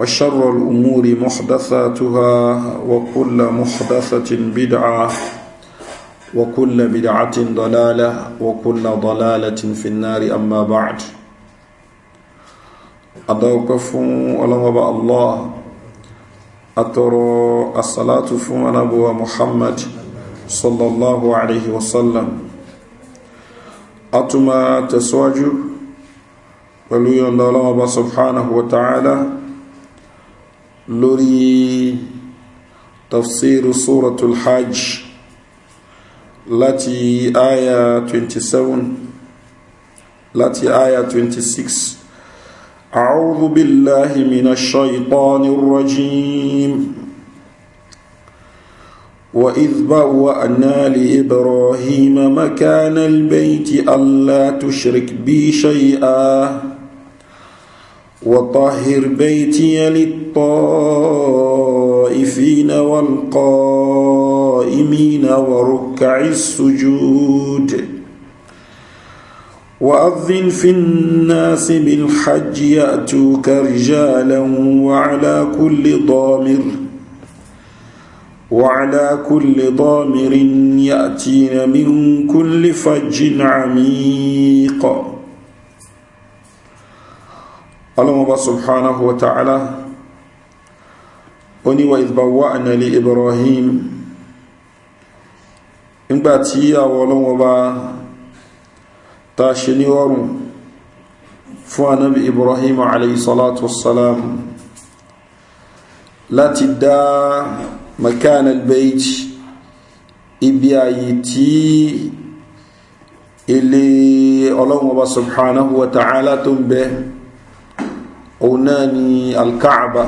وشر الأمور محدثاتها وكل محدثة بدعة وكل بدعة ضلالة وكل ضلالة في النار أما بعد أدوكف ولمبا الله أترى الصلاة فون أبو محمد صلى الله عليه وسلم أتما تسواجو ولو يندى الله سبحانه وتعالى lórí tafsiru suratul hajj láti aya 27 láti aya 26 أعوذ بالله من الشيطان الرجيم وإذ بوأنا لإبراهيم مكان البيت ألا تشرك بي شيئا وطهر بيتي للطائفين والقائمين وركع السجود وأذن في الناس بالحج يأتوك رجالا وعلى كل ضامر وعلى كل ضامر يأتين من كل فج عميق ọlọ́mọba subhanahu wa ta'ala ó ní wa ìdbàwà ànàlì ibrahim nígbàtí àwọn ọlọ́mọba ta ṣe ní ọrùn fún anábi ibrahim alayhisalatu wassalam láti dá makan albayt ibi ayi tí ilé ọlọ́mọba subhanahu wa ta'ala tó ń òun náà ni alkaaba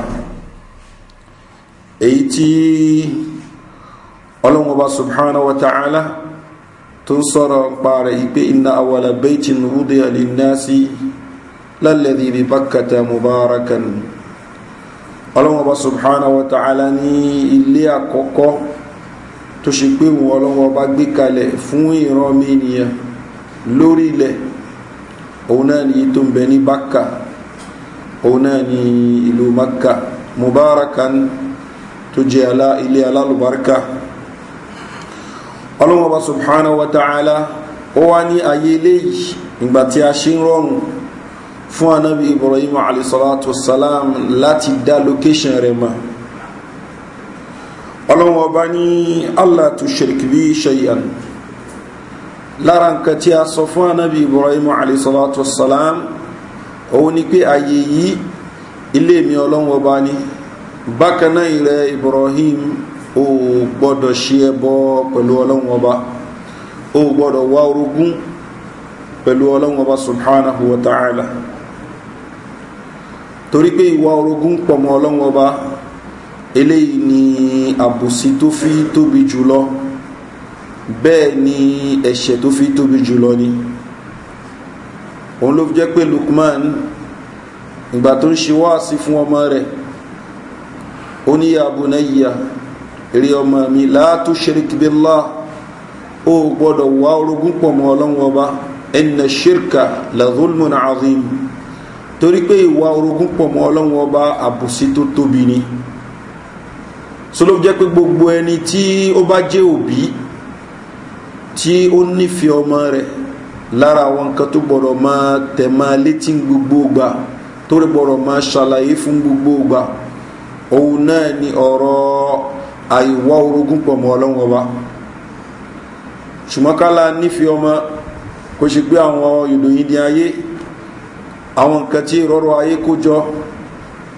èyí tí ọlọ́run ọba subhanahu wa ta'ala tó ń sọ̀rọ̀ parẹ̀ ìpé inna awala baitin wudiya linnasi lalladhi bi bakkata mubarakan ọlọ́run ọba subhanahu wa ta'ala ní ilé àkọ́kọ́ tó ṣe pé wọn ọlọ́run gbé kalẹ̀ fún ìran mi òun náà ni tó ń bẹ òun náà ni ìlú makka mubarakan tó jẹ́ ilé alálùbáríkà ọlọ́mọba subhanahu wa ta'ala ó wá ní ayé léyìí ìgbà tí a ṣe ń rọrùn fún anábi ibrahim alayhisalatu salam láti dá location rẹ̀ mọ́ ọlọ́mọba ní allah tó ṣèrìkìbí ṣayan lára nǹkan tí a sọ fún anábi ibrahim alayhisalatu salam òun ni pé ààyè yìí ilé ọba ni bákan náà ibrahim ò gbọ́dọ̀ ṣe ẹbọ pẹ̀lú ọlọ́run O ò gbọ́dọ̀ wá orogún pẹ̀lú ọlọ́run ọba subhanahu wa ta'ala torí pé ìwà orogún ọba eléyìí ni abusi tó fi tóbi jùlọ bẹ́ẹ̀ ni ẹ̀ṣẹ̀ tó fi tóbi jùlọ ni, òun ló fi jẹ́ pé lukman ìgbà tó ń ṣe wáàsí fún ọmọ rẹ̀ ó ní abunayya èrè ọmọ mi láàtú ṣerikibila ó gbọ́dọ̀ wá orogún pọ̀ mọ́ ọlọ́run ọba ẹnna ṣirka lazulmun azim torí pé ìwà orogún pọ̀ mọ́ ọlọ́run ọba àbùsí tó tóbi ni sọlọ jẹ́ pé gbogbo ẹni tí ó bá jẹ́ òbí tí ó nífẹ̀ẹ́ ọmọ rẹ̀ lára àwọn nǹkan tó gbọ́dọ̀ máa tẹ̀ máa létí gbogbo gbà tó rí gbọ́dọ̀ máa ṣàlàyé fún gbogbo gbà òun náà ni ọ̀rọ̀ àìwá orogún pọ̀ mọ́ ọlọ́run ọba ṣùgbọ́n nífẹ̀ẹ́ ọmọ kò ṣe pé àwọn ìròyìn ní ayé àwọn nǹkan tí ìrọ̀rọ̀ ayé kó jọ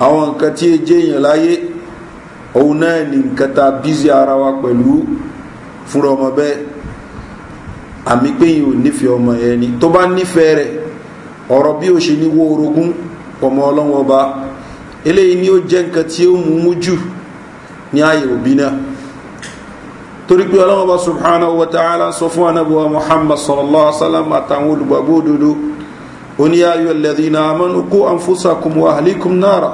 àwọn nǹkan tí ejé èèyàn láyé òun náà ni nǹkan ta bízi ara wa pẹ̀lú fúnra ọmọ bẹ́ẹ̀ àmì pé yìí ò nífẹ̀ẹ́ ọmọ yẹn ni tó bá nífẹ̀ẹ́ rẹ̀ ọ̀rọ̀ bí ó ṣe ní wó orogún pọ̀mọ́ ọlọ́wọ́ ọba eléyìí ni ó jẹ́ nǹkan tí ó mú mú jù ní ààyè òbí náà torí pé ọlọ́wọ́ ọba subhanahu wa ta'ala sọ fún anábọ̀wá muhammad sallallahu alaihi wa sallam àtàwọn olùgbàgbọ́ òdodo oníyàyọ̀ lẹ́dínà amánu kó ànfúsàkùn wa àlékún náírà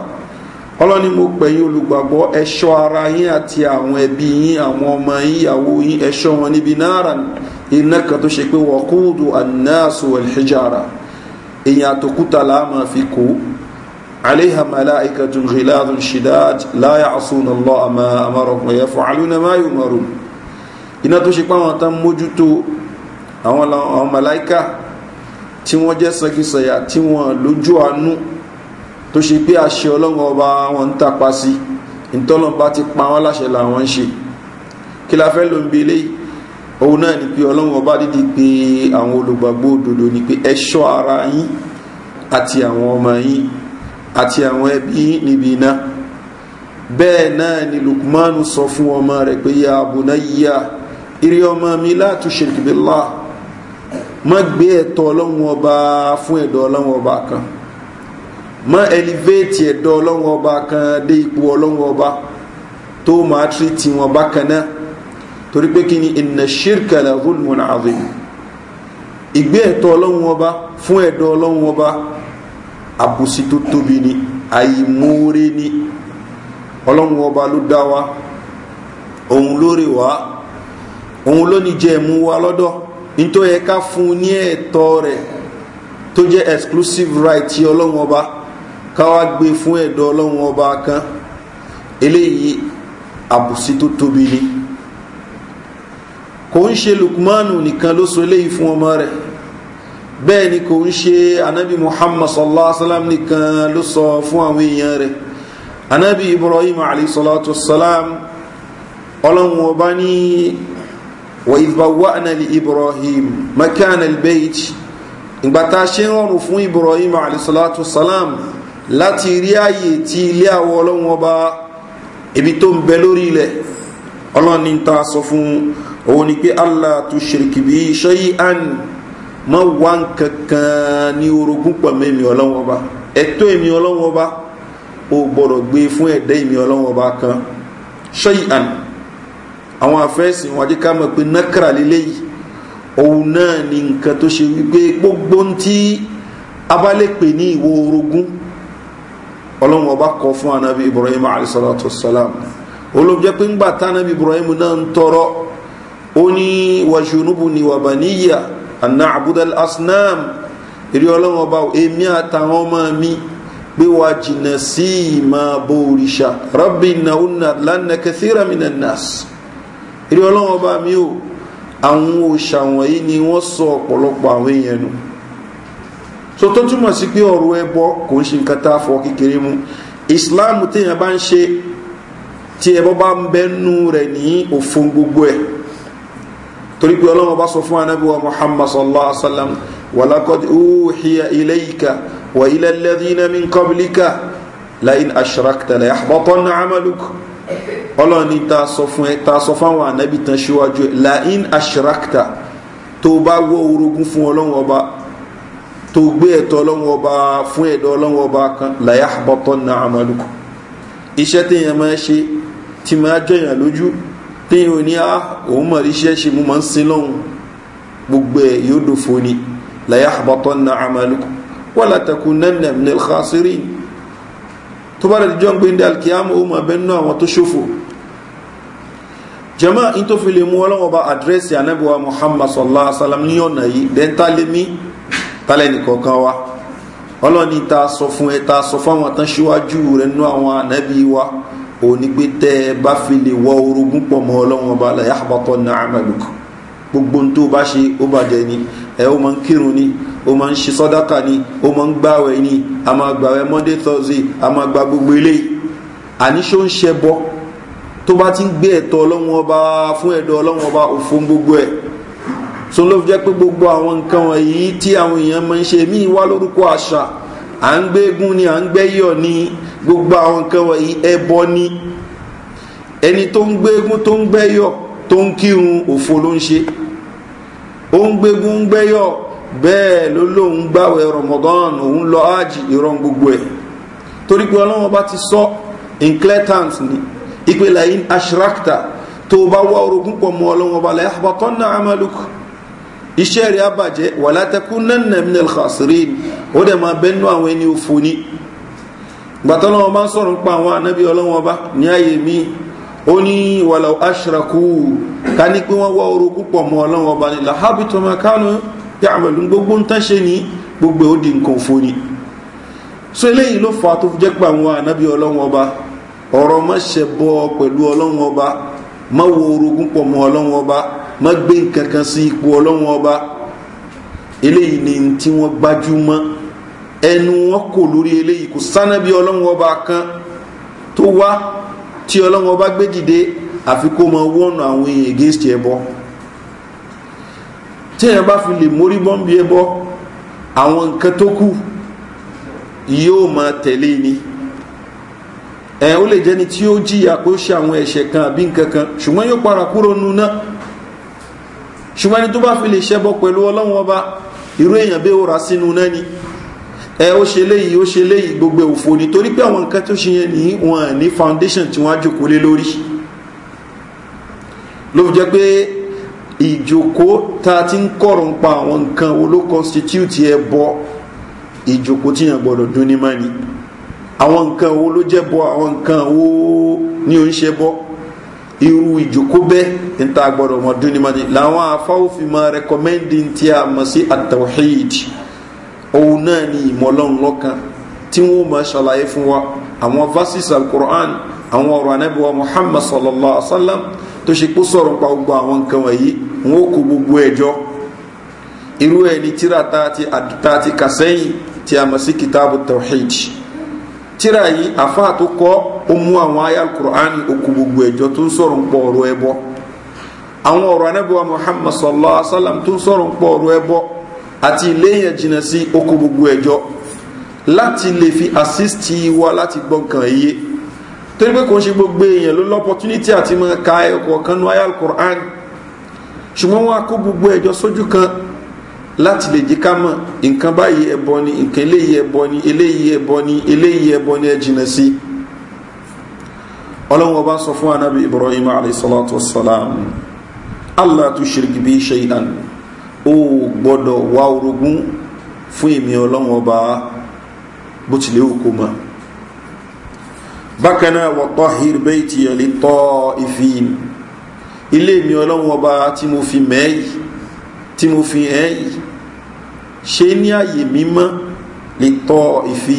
ọlọ́ni mo pẹ̀yìn olùgbàgbọ́ ẹ̀ṣọ́ ara yín àti àwọn ẹbí yín àwọn ọmọ yín ìyàwó yín ẹ̀ṣọ́ wọn níbi náírà ni iná kan tó ṣe pé wọ́n kóòdù anáàsù alhijara èyàn àtòkúta láàmà fi kó عليها ملائكة غلاظ شداد لا يعصون الله ما أمرهم ويفعلون ما يؤمرون iná tó ṣe pé àwọn tán mójútó àwọn àwọn màláíkà tí wọ́n jẹ́ sẹ́kísẹ̀yà tí wọ́n lójú àánú tó ṣe pé àṣẹ ọlọ́run ọba wọn ń tàpa sí ìtọ́lọ́n ti pa wọ́n láṣẹ làwọn ń ṣe kí la fẹ́ ló ń eléyìí òun náà ni pé ọlọ́run ọba dídí pé àwọn olùgbàgbọ́ òdodo ni pé ẹ ṣọ́ ara yín àti àwọn ọmọ yín àti àwọn ẹbí níbi iná bẹ́ẹ̀ náà ni lukmanu sọ fún ọmọ rẹ̀ pé ya abunayya irí ọmọ mi láti ṣèkìbílà má gbé ẹ̀tọ́ ọlọ́run ọba fún ẹ̀dọ́ ọlọ́run ọba kan má ẹlivéètì ẹ̀dọ́ ọlọ́run ọba kan dé ipò ọlọ́run ọba tó máa tírìtì wọn bákan náà torí pé kí ni inna shirka la zulmun azim ìgbé ẹ̀tọ́ ọlọ́run ọba fún ẹ̀dọ́ ọlọ́run ọba àbùsí tó tóbi ni àìmóore ni ọlọ́run ọba ló dá wa òun lórí wa òun ló ní jẹ́ ẹ̀mú wa lọ́dọ̀ nítorí ẹ ká fún un ní ẹ̀tọ́ rẹ̀ tó jẹ́ exclusive right ti ọlọ́run ọba káwá gbé fún ẹ̀dọ́ ọlọ́run ọba kan eléyìí àbùsí tó tóbi ni kò ń ṣe lukmanu nìkan ló sọ eléyìí fún ọmọ rẹ̀ bẹ́ẹ̀ ni kò ń ṣe anabi muhammad sallallahu alaihi wasallam nìkan ló sọ fún àwọn èèyàn rẹ̀ anabi ibrahim alayhi salatu wasalam ọlọ́run ọba ní wa ìbáwáàna lè ibrahim makana albayt ìgbà ṣe rọrùn fún ibrahim alayhi salatu wasalam láti rí ààyè tí ilé àwọ ọlọ́run ọba ibi tó ń bẹ lórí ilẹ̀ ọlọ́run ní ta sọ fún un òun ni pé allah tushrik bi shay'an má wá nkankan ní orogún pẹ̀lú èmi ọlọ́wọ́n eto ẹ̀tọ́ èmi ọlọ́wọ́n o boro gbọ́dọ̀ gbé fún emi èmi ọlọ́wọ́n kan shay'an àwọn afẹ́sìn afesi ká mọ̀ pé nákàrà lélẹ́yìí òun náà ni nǹkan tó ṣe wípé gbogbo ń tí abálẹ́pẹ̀ ní ìwọ orogún kọ anabi ibrahim alayhi salam ńgbà ibrahim náà ń ó ní wàṣúnúbù ni wàbà níyà àná àbúdá asnam eré ọlọ́run ọba emi àtàwọn ọmọ mi pé sí ìmọ̀ bó òrìṣà rọ́bì nàúnà lánàá kẹsíra mi nàás eré ọlọ́run ọba mi ò àwọn òòṣà ni wọ́n so tó islam te bá ń torí pé ọlọ́run bá sọ fún anábíwá muhammad sallallahu alaihi wa sallam wàlákọ́dí uhiya ilayka wa ila alladhina min qablika lain ashrakta la yahbatanna amaluk ọlọ́run ní ta sọ fún ẹ ta sọ fáwọn anábì tán síwájú lain ashrakta tó bá wọ orogún fún ọlọ́run ọba tó gbé ẹ̀tọ́ ọlọ́run ọba fún ẹ̀dọ́ ọlọ́run ọba kan la yahbatanna amaluk iṣẹ́ téèyàn máa ṣe tí máa jọyàn lójú téèyàn ò ní á ah, òun mọ̀ ríṣẹ́ ṣe mú máa ń sin lọ́hùn gbogbo ẹ̀ yóò dòfo ni láyé àbátọ́ na àmàlùkù wà látàkù nẹ́nẹ̀ nílẹ̀ xasírí tó bá dàdíjọ́ ń gbé ní alkiyama ó mọ̀ bẹ́ẹ̀ nú àwọn tó ṣòfò jama in tó fi lè mú ọlọ́wọ́ bá àdírẹ́sì anábíwá muhammad sallallahu alaihi wa sallam ní ọ̀nà yìí dẹ́ńtà lé mí tálẹ̀ nìkọ̀ọ̀kan wa ọlọ́ni ta sọ fún ẹ ta sọ fún àwọn tán síwájú rẹ̀ nú àwọn anábí wa òní pé tẹ́ ẹ bá fi lè wọ orogún pọ̀ mọ́ ọlọ́run ọba la yahbatọ́ ní amaluku gbogbo n tó bá ṣe ó bàjẹ́ ni ẹ ó máa ń kírun ni ó máa ń ṣe sọ́dáka ni ó máa ń gbàwẹ̀ ni a máa gbàwẹ̀ monday thursday a máa gba gbogbo eléyìí àníṣó ń ṣe bọ́ tó bá ti ń gbé ẹ̀tọ́ ọlọ́run ọba fún ẹ̀dọ́ ọlọ́run ọba òfin gbogbo ẹ̀ tó ló fi jẹ́ pé gbogbo àwọn nǹkan wọ̀nyí tí àwọn èèyàn máa ń ṣe míì wá lórúkọ àṣà à ń gbé eégún ni à ń gbẹ́yọ̀ ni gbogbo àwọn nǹkan wọ̀nyí ẹbọ ni ẹni tó ń gbégún tó ń gbẹ́yọ̀ tó ń kírun òfo ló ń ṣe ó ń gbégún ń gbẹ́yọ̀ bẹ́ẹ̀ ló lóun gbàwẹ̀ rọmọdán òun lọ ájì ìran gbogbo ẹ̀ torí pé ọlọ́wọ́n bá ti sọ incletant ni ìpele in ashrakta tó bá wá orogún pọ̀ mọ́ ọlọ́wọ́n bá lẹ́yìn àbátọ́ náà amaluk iṣẹ́ rẹ̀ abàjẹ́ wàlátẹ́kùn náà nàmínà khasirin ó dẹ̀ máa bẹ́ẹ̀ gbàtọ́lọ́wọ́ bá ń sọ̀rọ̀ ń pa àwọn anábí ọlọ́wọ́ bá ní ayé mi ó ní wàlá aṣírakú ká ní pé wọ́n wá orogún pọ̀ mọ́ ọlọ́wọ́ bá ní làhábìtọ́ máa kánú tí àmàlù gbogbo ń tánṣe ní gbogbo ó di nǹkan fún ni so eléyìí ló fà tó jẹ́ pé àwọn anábí ọlọ́wọ́ bá ọ̀rọ̀ má ṣe bọ́ pẹ̀lú ọlọ́wọ́ bá má wo orogún pọ̀ mọ́ ọlọ́wọ́ bá má gbé nǹkan kan sí ipò ọlọ́wọ́ bá eléyìí ni tí wọ́n gbájúmọ́ ẹnu wọn kò lórí eléyìí kò sánàbí ọlọ́run ọba kan tó wá tí ọlọ́run ọba gbé dìde àfi kó mọ wọ́nà àwọn èèyàn against ẹbọ tí èèyàn bá fi lè mórí bọ́m̀bì ẹbọ àwọn nǹkan tó kù yóò máa tẹ̀lé ni ẹ ó lè jẹ́ni tí ó jìyà pé ó ṣe àwọn ẹ̀ṣẹ̀ kan àbí nǹkan kan ṣùgbọ́n yóò para kúrò nu náà ṣùgbọ́n ẹni tó bá fi lè ṣẹbọ pẹ̀lú ọlọ́run ọba irú èèyàn bẹ́ẹ̀ ó sínú náà ni ẹ ó ṣe léyìí ó ṣe léyìí gbogbo òfò ni torí pé àwọn nǹkan tó ṣe yẹn ní wọn ní foundation tí wọ́n á jòkó lé lórí ló fi jẹ́ pé ìjòkó ta ti ń kọ̀rọ̀ ń pa àwọn nǹkan wo ló constitute ẹ bọ ìjòkó tí yẹn gbọ́dọ̀ dún ní mọ́ni àwọn nǹkan wo ló jẹ́ bọ àwọn nǹkan wo ni ò ń ṣe bọ́ irú ìjòkó bẹ́ẹ̀ níta gbọ́dọ̀ mọ̀ dún ní mọ́ni làwọn afáwọ́fin máa rẹ́kọ́mẹ́ndì tí a mọ̀ sí àtàwọ̀hídì òun náà ni ìmọ̀ ọlọ́run lọ́kan tí wọ́n máa ṣàlàyé fún wa àwọn verses alukur'an àwọn ọ̀rọ̀ anábíwá muhammad sallallahu alaihi wa sallam tó ṣe kó sọ̀rọ̀ pa gbogbo àwọn nǹkan wọ̀nyí wọn ó kó gbogbo ẹ̀jọ́ irú ẹ̀ ní tíra ta ti kà sẹ́yìn tí a mọ̀ sí kitabu tawhid tíra yìí àfáà tó kọ́ ó mú àwọn ayé alukur'an ó kó gbogbo ẹ̀jọ́ tó ń sọ̀rọ̀ pọ̀ ọ̀rọ̀ ẹbọ àwọn ọ̀rọ̀ anábíwá muhammad sallallahu alaihi wa sallam tó ń sọ̀rọ̀ pọ̀ ọ̀rọ̀ ẹbọ àti ilé yẹn jìnnà sí oko gbogbo ẹjọ́ láti lè fi àsístì wa láti gbọ́nkàn iye torí pé kò ń ṣe gbogbo èèyàn ló lọ́pọ̀tunítì àti mọ ka ẹ̀kọ́ kan nu ayal quran ṣùgbọ́n wọn kó gbogbo ẹjọ́ sójú kan láti lè jí ká mọ̀ nǹkan báyìí ẹbọ ni nǹkan eléyìí ẹbọ ni eléyìí ẹbọ ni eléyìí ẹbọ ni ẹ jìnnà sí ọlọ́run ọba sọ fún anabi ibrahim alayhi salatu wa salam allah tu shirk bi shay'an ó gbọ́dọ̀ wá orogún fún èmi ọlọ́run ọba bó tilẹ̀ òkú mọ́ bákan náà wọ́tọ́ hirbẹ́ ti ẹ̀lẹ́ tọ́ ìfi ilé mi ọlọ́run ọba tí mo fi mẹ́ẹ̀yì tí mo fi ẹ̀yì ṣe ní àyè mímọ́ lè tọ́ ìfi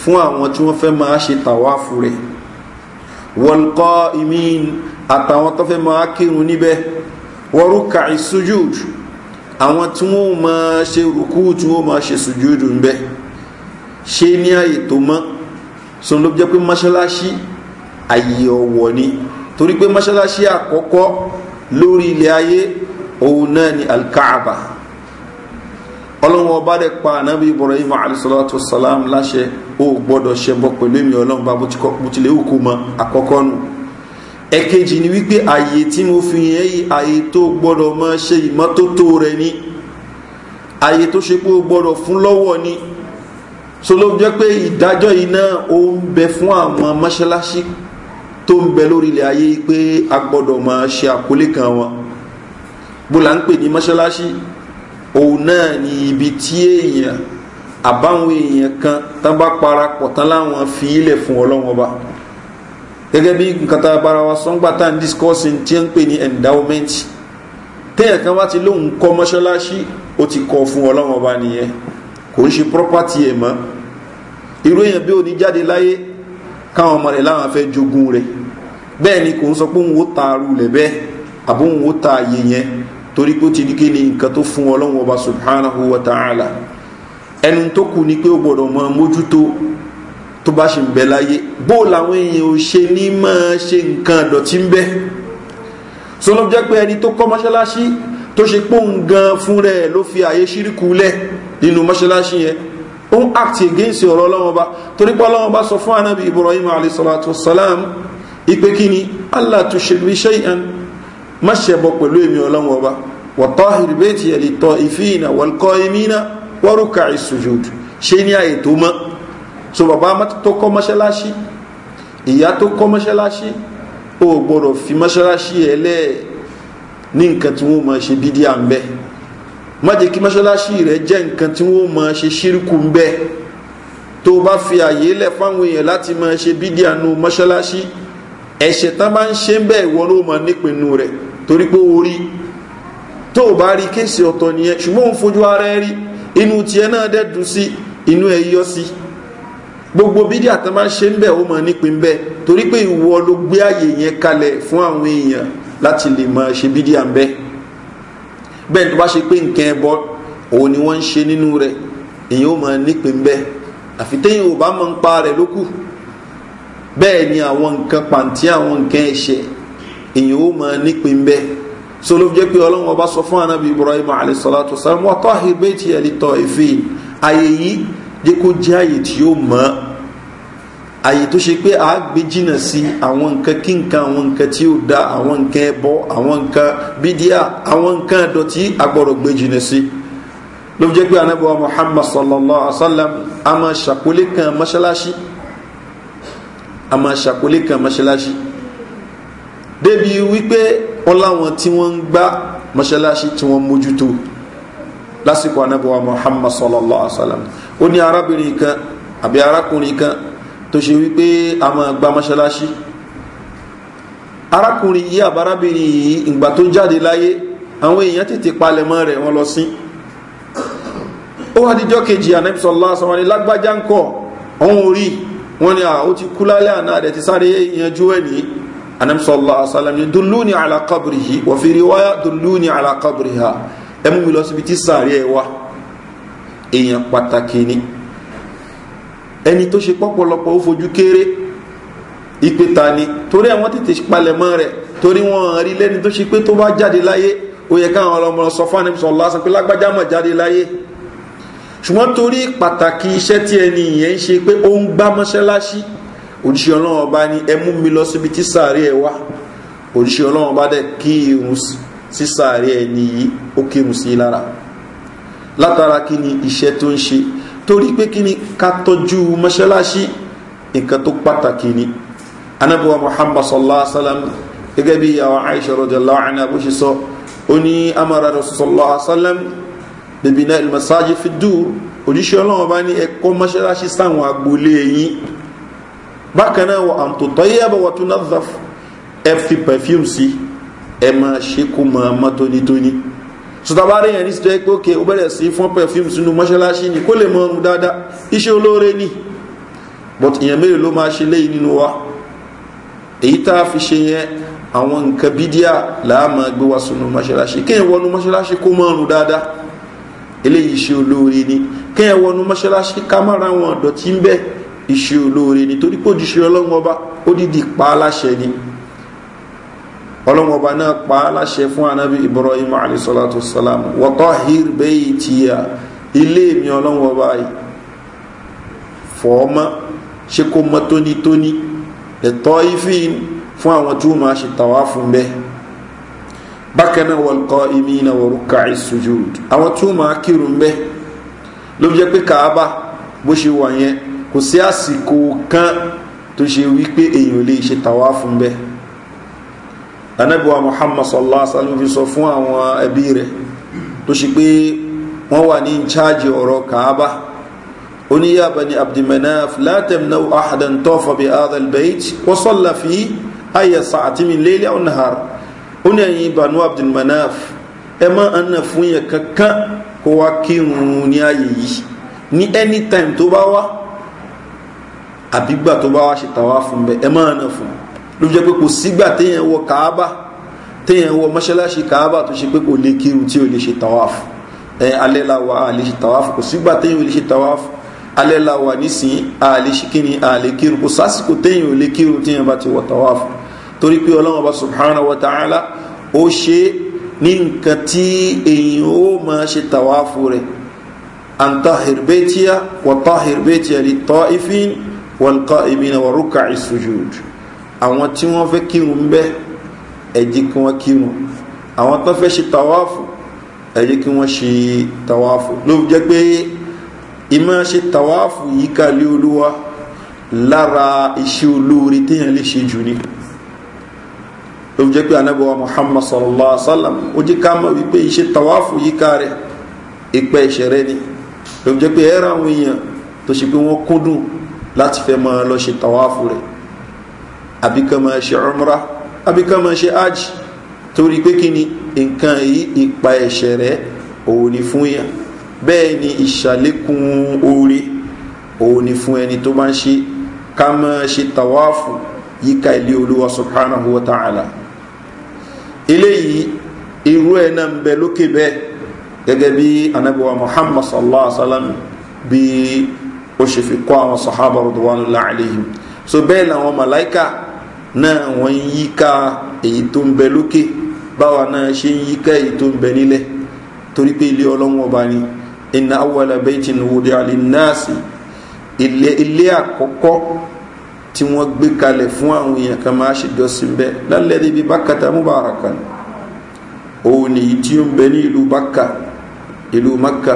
fún àwọn tí wọ́n fẹ́ máa ṣe tàwáfù rẹ̀ wọ́lkọ́ ìmín àtàwọn tó fẹ́ máa kírun níbẹ̀ wọ́rúkà ìsújúdù àwọn tí wọ́n máa ṣe rùkú tí wọ́n ma ṣe sùjúdù ń bẹ ṣe ní àyè tó mọ́ sọ́n ló jẹ́ pé mọ́ṣáláṣí àyè ọ̀wọ̀ ni torí pé mọ́ṣáláṣí àkọ́kọ́ lórí ilẹ̀ ayé òun náà ni alkaaba ọlọ́run ọba dẹ̀ pa ànábì ibrahim alayhisalatu salam láṣẹ ó gbọ́dọ̀ ṣẹbọ pẹ̀lú èmi ọlọ́run bá bó tilẹ̀ òkú mọ́ àkọ́kọ́ nù ẹ̀kejì ni wípé àyè tí mo fi yẹn yìí àyè tó gbọ́dọ̀ máa ṣe ìmọ́tótó rẹ ni àyè tó ṣe pé o gbọ́dọ̀ fún lọ́wọ́ ni so ló jẹ́ pé ìdájọ́ yìí náà ó ń bẹ fún àwọn mọ́ṣáláṣí tó ń bẹ lórí ilẹ̀ ayé pé a gbọ́dọ̀ máa ṣe àkólé kan wọn bó la ń pè ní mọ́ṣáláṣí òun náà ni ibi tí èèyàn àbáwọn èèyàn kan tán bá parapọ̀ tán láwọn fi ilẹ̀ fún ọlọ́wọ́n ọba gẹ́gẹ́ bí nǹkan tá a bára wa sọ ń gbà tá à ń discussing tí ń pè ní endowment téèyàn kan bá ti lóun kọ́ mọ́ṣáláṣí ó ti kọ́ fún ọlọ́run ọba nìyẹn kò ń ṣe property ẹ̀ mọ́ irú èèyàn bí òní jáde láyé káwọn ọmọ rẹ̀ láwọn fẹ́ jogún rẹ̀ bẹ́ẹ̀ ni kò ń sọ pé òun ó ta arú rẹ̀ bẹ́ẹ̀ àbó òun ó ta àyè yẹn torí pé ó ti ní kí ni nǹkan tó fún ọlọ́run ọba subhanahu wa ta'ala ẹnu tó kù ni pé ó gbọ́dọ̀ mọ mójútó tó bá ṣe ń bẹ láyé bó làwọn èèyàn ò ṣe ní máa ṣe nǹkan àdọ̀tí ń bẹ sọlọ́ jẹ́ pé ẹni tó kọ́ mọ́ṣáláṣí tó ṣe pọ́n gan fún rẹ̀ ló fi àyè ṣíríkù lẹ̀ nínú mọ́ṣáláṣí yẹn ó ń act against ọ̀rọ̀ ọlọ́wọ́n bá torí pé ọlọ́wọ́n bá sọ fún anábì ibrahim alayhisalatu salam ipe kí ni allah tó ṣe bí ṣẹ́yìn má ṣẹbọ pẹ̀lú èmi ọlọ́wọ́n ọba wọ́tọ́ ìrìbẹ́tì ẹ̀lì tọ́ ìfìyìnà wọ́lkọ́ ìmìnà wọ́rùkà ìsùjòdù ṣe ní àyè tó mọ́ so bàbá tó kọ́ mọ́ṣáláṣí ìyá tó kọ́ mọ́ṣáláṣí ó gbọ́dọ̀ fi mọ́ṣáláṣí ẹ lẹ́ ní nǹkan tí wọ́n máa ṣe bídí à ń bẹ́ má jẹ́ kí mọ́ṣáláṣí rẹ jẹ́ nǹkan tí wọ́n máa ṣe ṣírìkù ń bẹ́ tó bá fi àyè lẹ̀ fáwọn èèyàn láti máa ṣe bídí àánú mọ́ṣáláṣí ẹ̀ṣẹ̀ tán bá ń ṣe ń bẹ́ẹ̀ wọ́n ló máa nípinnu rẹ̀ torí pé ó rí tó o bá rí kéèsì ọ̀tọ̀ nìyẹn ṣùgbọ́n òun fojú ara ẹ rí inú tiẹ̀ náà dẹ́ dùn sí inú ẹ yọ sí i gbogbo bídíà tán bá ń ṣe ń bẹ̀ ó mọ̀ nípìn bẹ́ẹ̀ torí pé ìwọ ló gbé àyè yẹn kalẹ̀ fún àwọn èèyàn láti lè mọ̀ ṣe bídíà ń bẹ́ẹ̀ bẹ́ẹ̀ tó bá ṣe pé nǹkan ẹbọ òun ni wọ́n ń ṣe nínú rẹ̀ èèyàn ó mọ̀ nípìn bẹ́ẹ̀ àfi téèyàn ò bá mọ̀ ń pa rẹ̀ lókù bẹ́ẹ̀ ni àwọn nǹkan pàǹtí àwọn nǹkan ẹ̀ṣẹ̀ èèyàn ó mọ̀ nípìn bẹ́ẹ̀ so ló fi jẹ́ pé ọlọ́run ọba sọ fún anabi ibrahim alayhi salatu wasalam wa tahir baiti ẹ̀lítọ̀ ìfì àyè yìí jẹ́ jẹ́ àyè tí yóò mọ̀ ọ́ àyè tó ṣe pé a gbé jìnnà sí àwọn nǹkan kí nǹkan àwọn nǹkan tí ó da àwọn nǹkan ẹbọ àwọn nǹkan bídíà àwọn nǹkan dọ̀tí agbọ́dọ̀ gbé jìnnà sí ló fi jẹ́ pé anábọ̀ muhammad sallallahu alaihi wa sallam a máa ṣàkólé kan mọ́ṣáláṣí a máa ṣàkólé kan mọ́ṣáláṣí débi wípé wọn láwọn tí wọ́n ń gbá mọ́ṣáláṣí tí wọ́n mójútó lásìkò anábọ̀ muhammad sallallahu alaihi wa sallam ó ní arábìnrin kan àbí arákùnrin kan tó ṣe wípé a máa gba mọ́ṣáláṣí arákùnrin yìí àbárábìnrin yìí ìgbà tó jáde láyé àwọn èèyàn tètè palẹ̀mọ́ rẹ̀ wọ́n lọ sí ó wá díjọ́ kejì ànẹ́bísọ̀lá sọ̀rọ̀ ní lágbájá ń kọ̀ ọ̀hún orí wọ́n ni àwọn ti kú lálẹ́ àná àdẹ̀ ti sáré yanjú ẹ̀ ní ànẹ́bísọ̀lá sọ̀rọ̀ ní dùlúni àlàkàbìrì yìí wọ́n fi rí wáyà dùlúni àlàkàbìrì ha ẹmú mi lọ síbi tí sàárẹ̀ wa èèyàn pàtàkì ni ẹni tó ṣe pọ́pọ̀lọpọ̀ ó fojú kéré ìpè ta ni torí àwọn tètè palẹ̀mọ́ rẹ̀ torí wọn rí lẹ́ni tó ṣe pé tó bá jáde láyé ó yẹ káwọn ọlọmọ sọ fún àníbùsọ̀ lásán pé lágbájá mọ̀ jáde láyé ṣùgbọ́n torí pàtàkì iṣẹ́ tí ẹni yẹn ń ṣe pé ó ń gbá mọ́ṣáláṣí òjíṣẹ́ ọlọ́run ọba ni ẹ mú mi lọ síbi tí sàárẹ̀ ẹ wá òjíṣẹ́ ọlọ́run ọba dẹ̀ kí irun sí sàárẹ̀ ẹni yìí ó kírun sí lára látara kí ni iṣẹ́ tó ń ṣe torí pé kí ni ká tọ́jú mọ́ṣáláṣí nǹkan tó pàtàkì ni anábíwá muhammad sallallahu alaihi wa sallam gẹ́gẹ́ bí àwọn aisha radiyallahu anha bó ṣe sọ ó ní amara rasulullah sallam bibina al-masajid fi dur òjíṣẹ́ ọlọ́run bá ní ẹ̀kọ́ mọ́ṣáláṣí sáwọn agboolé yín bákan náà wọ àǹtòtọ́ yẹ́ bọ̀ wọ́n tún náà ẹ fi perfume sí ẹ máa ṣe kó máa mọ́ tónítóní sọtaba rẹ yẹn rí sí tó yẹ pé òkè ó bẹ̀rẹ̀ sí fún perfume sínú mọ́ṣáláṣí ni kó lè mọ ọrùn dáadáa iṣẹ́ olóore ni but ìyẹn mélòó ló máa ṣe léyìí nínú wa èyí tá a fi ṣe yẹn àwọn nǹkan bídíà láàmà gbé wa sínú mọ́ṣáláṣí kéèyàn wọnú mọ́ṣáláṣí kó mọ ọrùn dáadáa eléyìí iṣẹ́ olóore ni kéèyàn wọnú mọ́ṣáláṣí ká má ra wọn ọ̀dọ̀ tí ń bẹ iṣẹ́ olóore ni torí pé òjíṣẹ́ ọlọ́run ọba ó dídì pa aláṣẹ ni ọlọ́run ọba náà pa á láṣẹ fún anabi ibrahim alayhisalatu salam wọ́tọ́ hir bẹ́ẹ̀ tiya ilé mi ọlọ́run ọba yìí fọ́ọ́mọ́ ṣe kó mọ́ tónítóní ẹ̀tọ́ ifin fún àwọn tí wọ́n máa ṣe tàwa fún bẹ́ẹ̀ bákan náà wọ́n kọ́ imi náà wọ́n rúkà ìsujúd àwọn tí wọ́n máa kírun bẹ́ẹ̀ ló jẹ́ pé kàába bó ṣe wà kò sí àsìkò kan tó ṣe wípé èèyàn lè ṣe tàwa fún bẹ́ẹ̀ anabiwa muhammad sallallahu alaihi wasallam fi sọ fún àwọn ẹbí rẹ̀ tó ṣe pé wọ́n wà ní ìcháàjì ọ̀rọ̀ kaaba oníyàbá ni abdulmanaf látẹ̀mná ahadan tọ́fà bí adal bait wọ́n sọ́lá fi ayẹ sàtì mi lélẹ̀ ọ̀nàhàr ó ní ẹ̀yìn ìbànú abdulmanaf ẹ má ànà fún yẹn kankan kó wá kírun ní ayé yìí ní anytime tó bá wá àbígbà tó bá wá ṣe tàwa fún bẹ ẹ má ànà fún un ló jẹ́ pé kò sígbà téèyàn wọ kàábà téèyàn wọ mọ́ṣáláṣí kàábà tó ṣe pé kò lè kírun tí ò lè ṣe tàwáfù ẹ alẹ́ la wà á lè ṣe tàwáfù kò sígbà téèyàn ò lè ṣe tàwáfù alẹ́ la wà nísìn á lè ṣe kíni á lè kírun kò sásìkò téèyàn ò lè kírun téèyàn bá ti wọ tàwáfù torí pé ọlọ́run ọba subhanahu wa ta'ala ó ṣe ní nǹkan tí èèyàn ó máa ṣe tàwáfù rẹ̀ antahir bẹ́tíà wàtahir bẹ́tíà lè tọ́ ìfín wàlùkọ́ ìmìnà wàrúkà ìsùjúdù àwọn tí wọ́n fẹ́ kírun ń bẹ́ ẹ̀jẹ̀ kí wọ́n kírun àwọn tó fẹ́ ṣe tàwáàfù ẹ̀jẹ̀ kí wọ́n ṣe tàwáàfù ló fi jẹ́ pé ìmọ̀ ṣe tàwáàfù yìí kàlẹ́ olúwa lára iṣẹ́ olóore téèyàn lè ṣe jù ni ló fi jẹ́ pé anábọ̀wá muhammad sallallahu alaihi wa sallam ó jẹ́ ká mọ̀ wípé iṣẹ́ tàwáàfù yìí ká rẹ̀ ìpẹ́ ìṣẹ̀rẹ́ ni ló fi jẹ́ pé ẹ̀rọ àwọn èèyàn tó ṣe pé wọ́n kúndùn láti fẹ́ máa lọ ṣe tàwáàfù rẹ̀ àbí kan máa ṣe ọmọra àbí kan máa ṣe ájì torí pé kí ni nǹkan yìí ìpa ẹ̀ṣẹ̀ rẹ̀ òun ni fún yà bẹ́ẹ̀ ni ìṣàlékún oore òun ni fún ẹni tó bá ń ṣe ká máa ṣe tàwáàfù yíká ilé olúwa subhanahu wa ta'ala eléyìí irú ẹ̀ náà ń bẹ lókè bẹ́ẹ̀ gẹ́gẹ́ bí anabiwa muhammad sallallahu alaihi wa sallam bí ó ṣe fi kọ́ àwọn sahaba rọ̀dọ̀wánu láàlẹ́yìn so bẹ́ẹ̀ làwọn màláìka náà wọ́n ń yíká èyí tó ń bẹ lókè báwa náà ṣe ń yíká èyí tó ń bẹ nílẹ̀ torí pé ilé ọlọ́wọ́n ọba ni inna awwala baytin wudi'a linnasi ilé àkọ́kọ́ tí wọ́n gbé kalẹ̀ fún àwọn èèyàn kan máa ṣe jọ́sìn bẹ́ẹ̀ lálẹ́rìí bíi bákàtà mubarakan òun ni tí ó ń bẹ ní ìlú bákà ìlú makka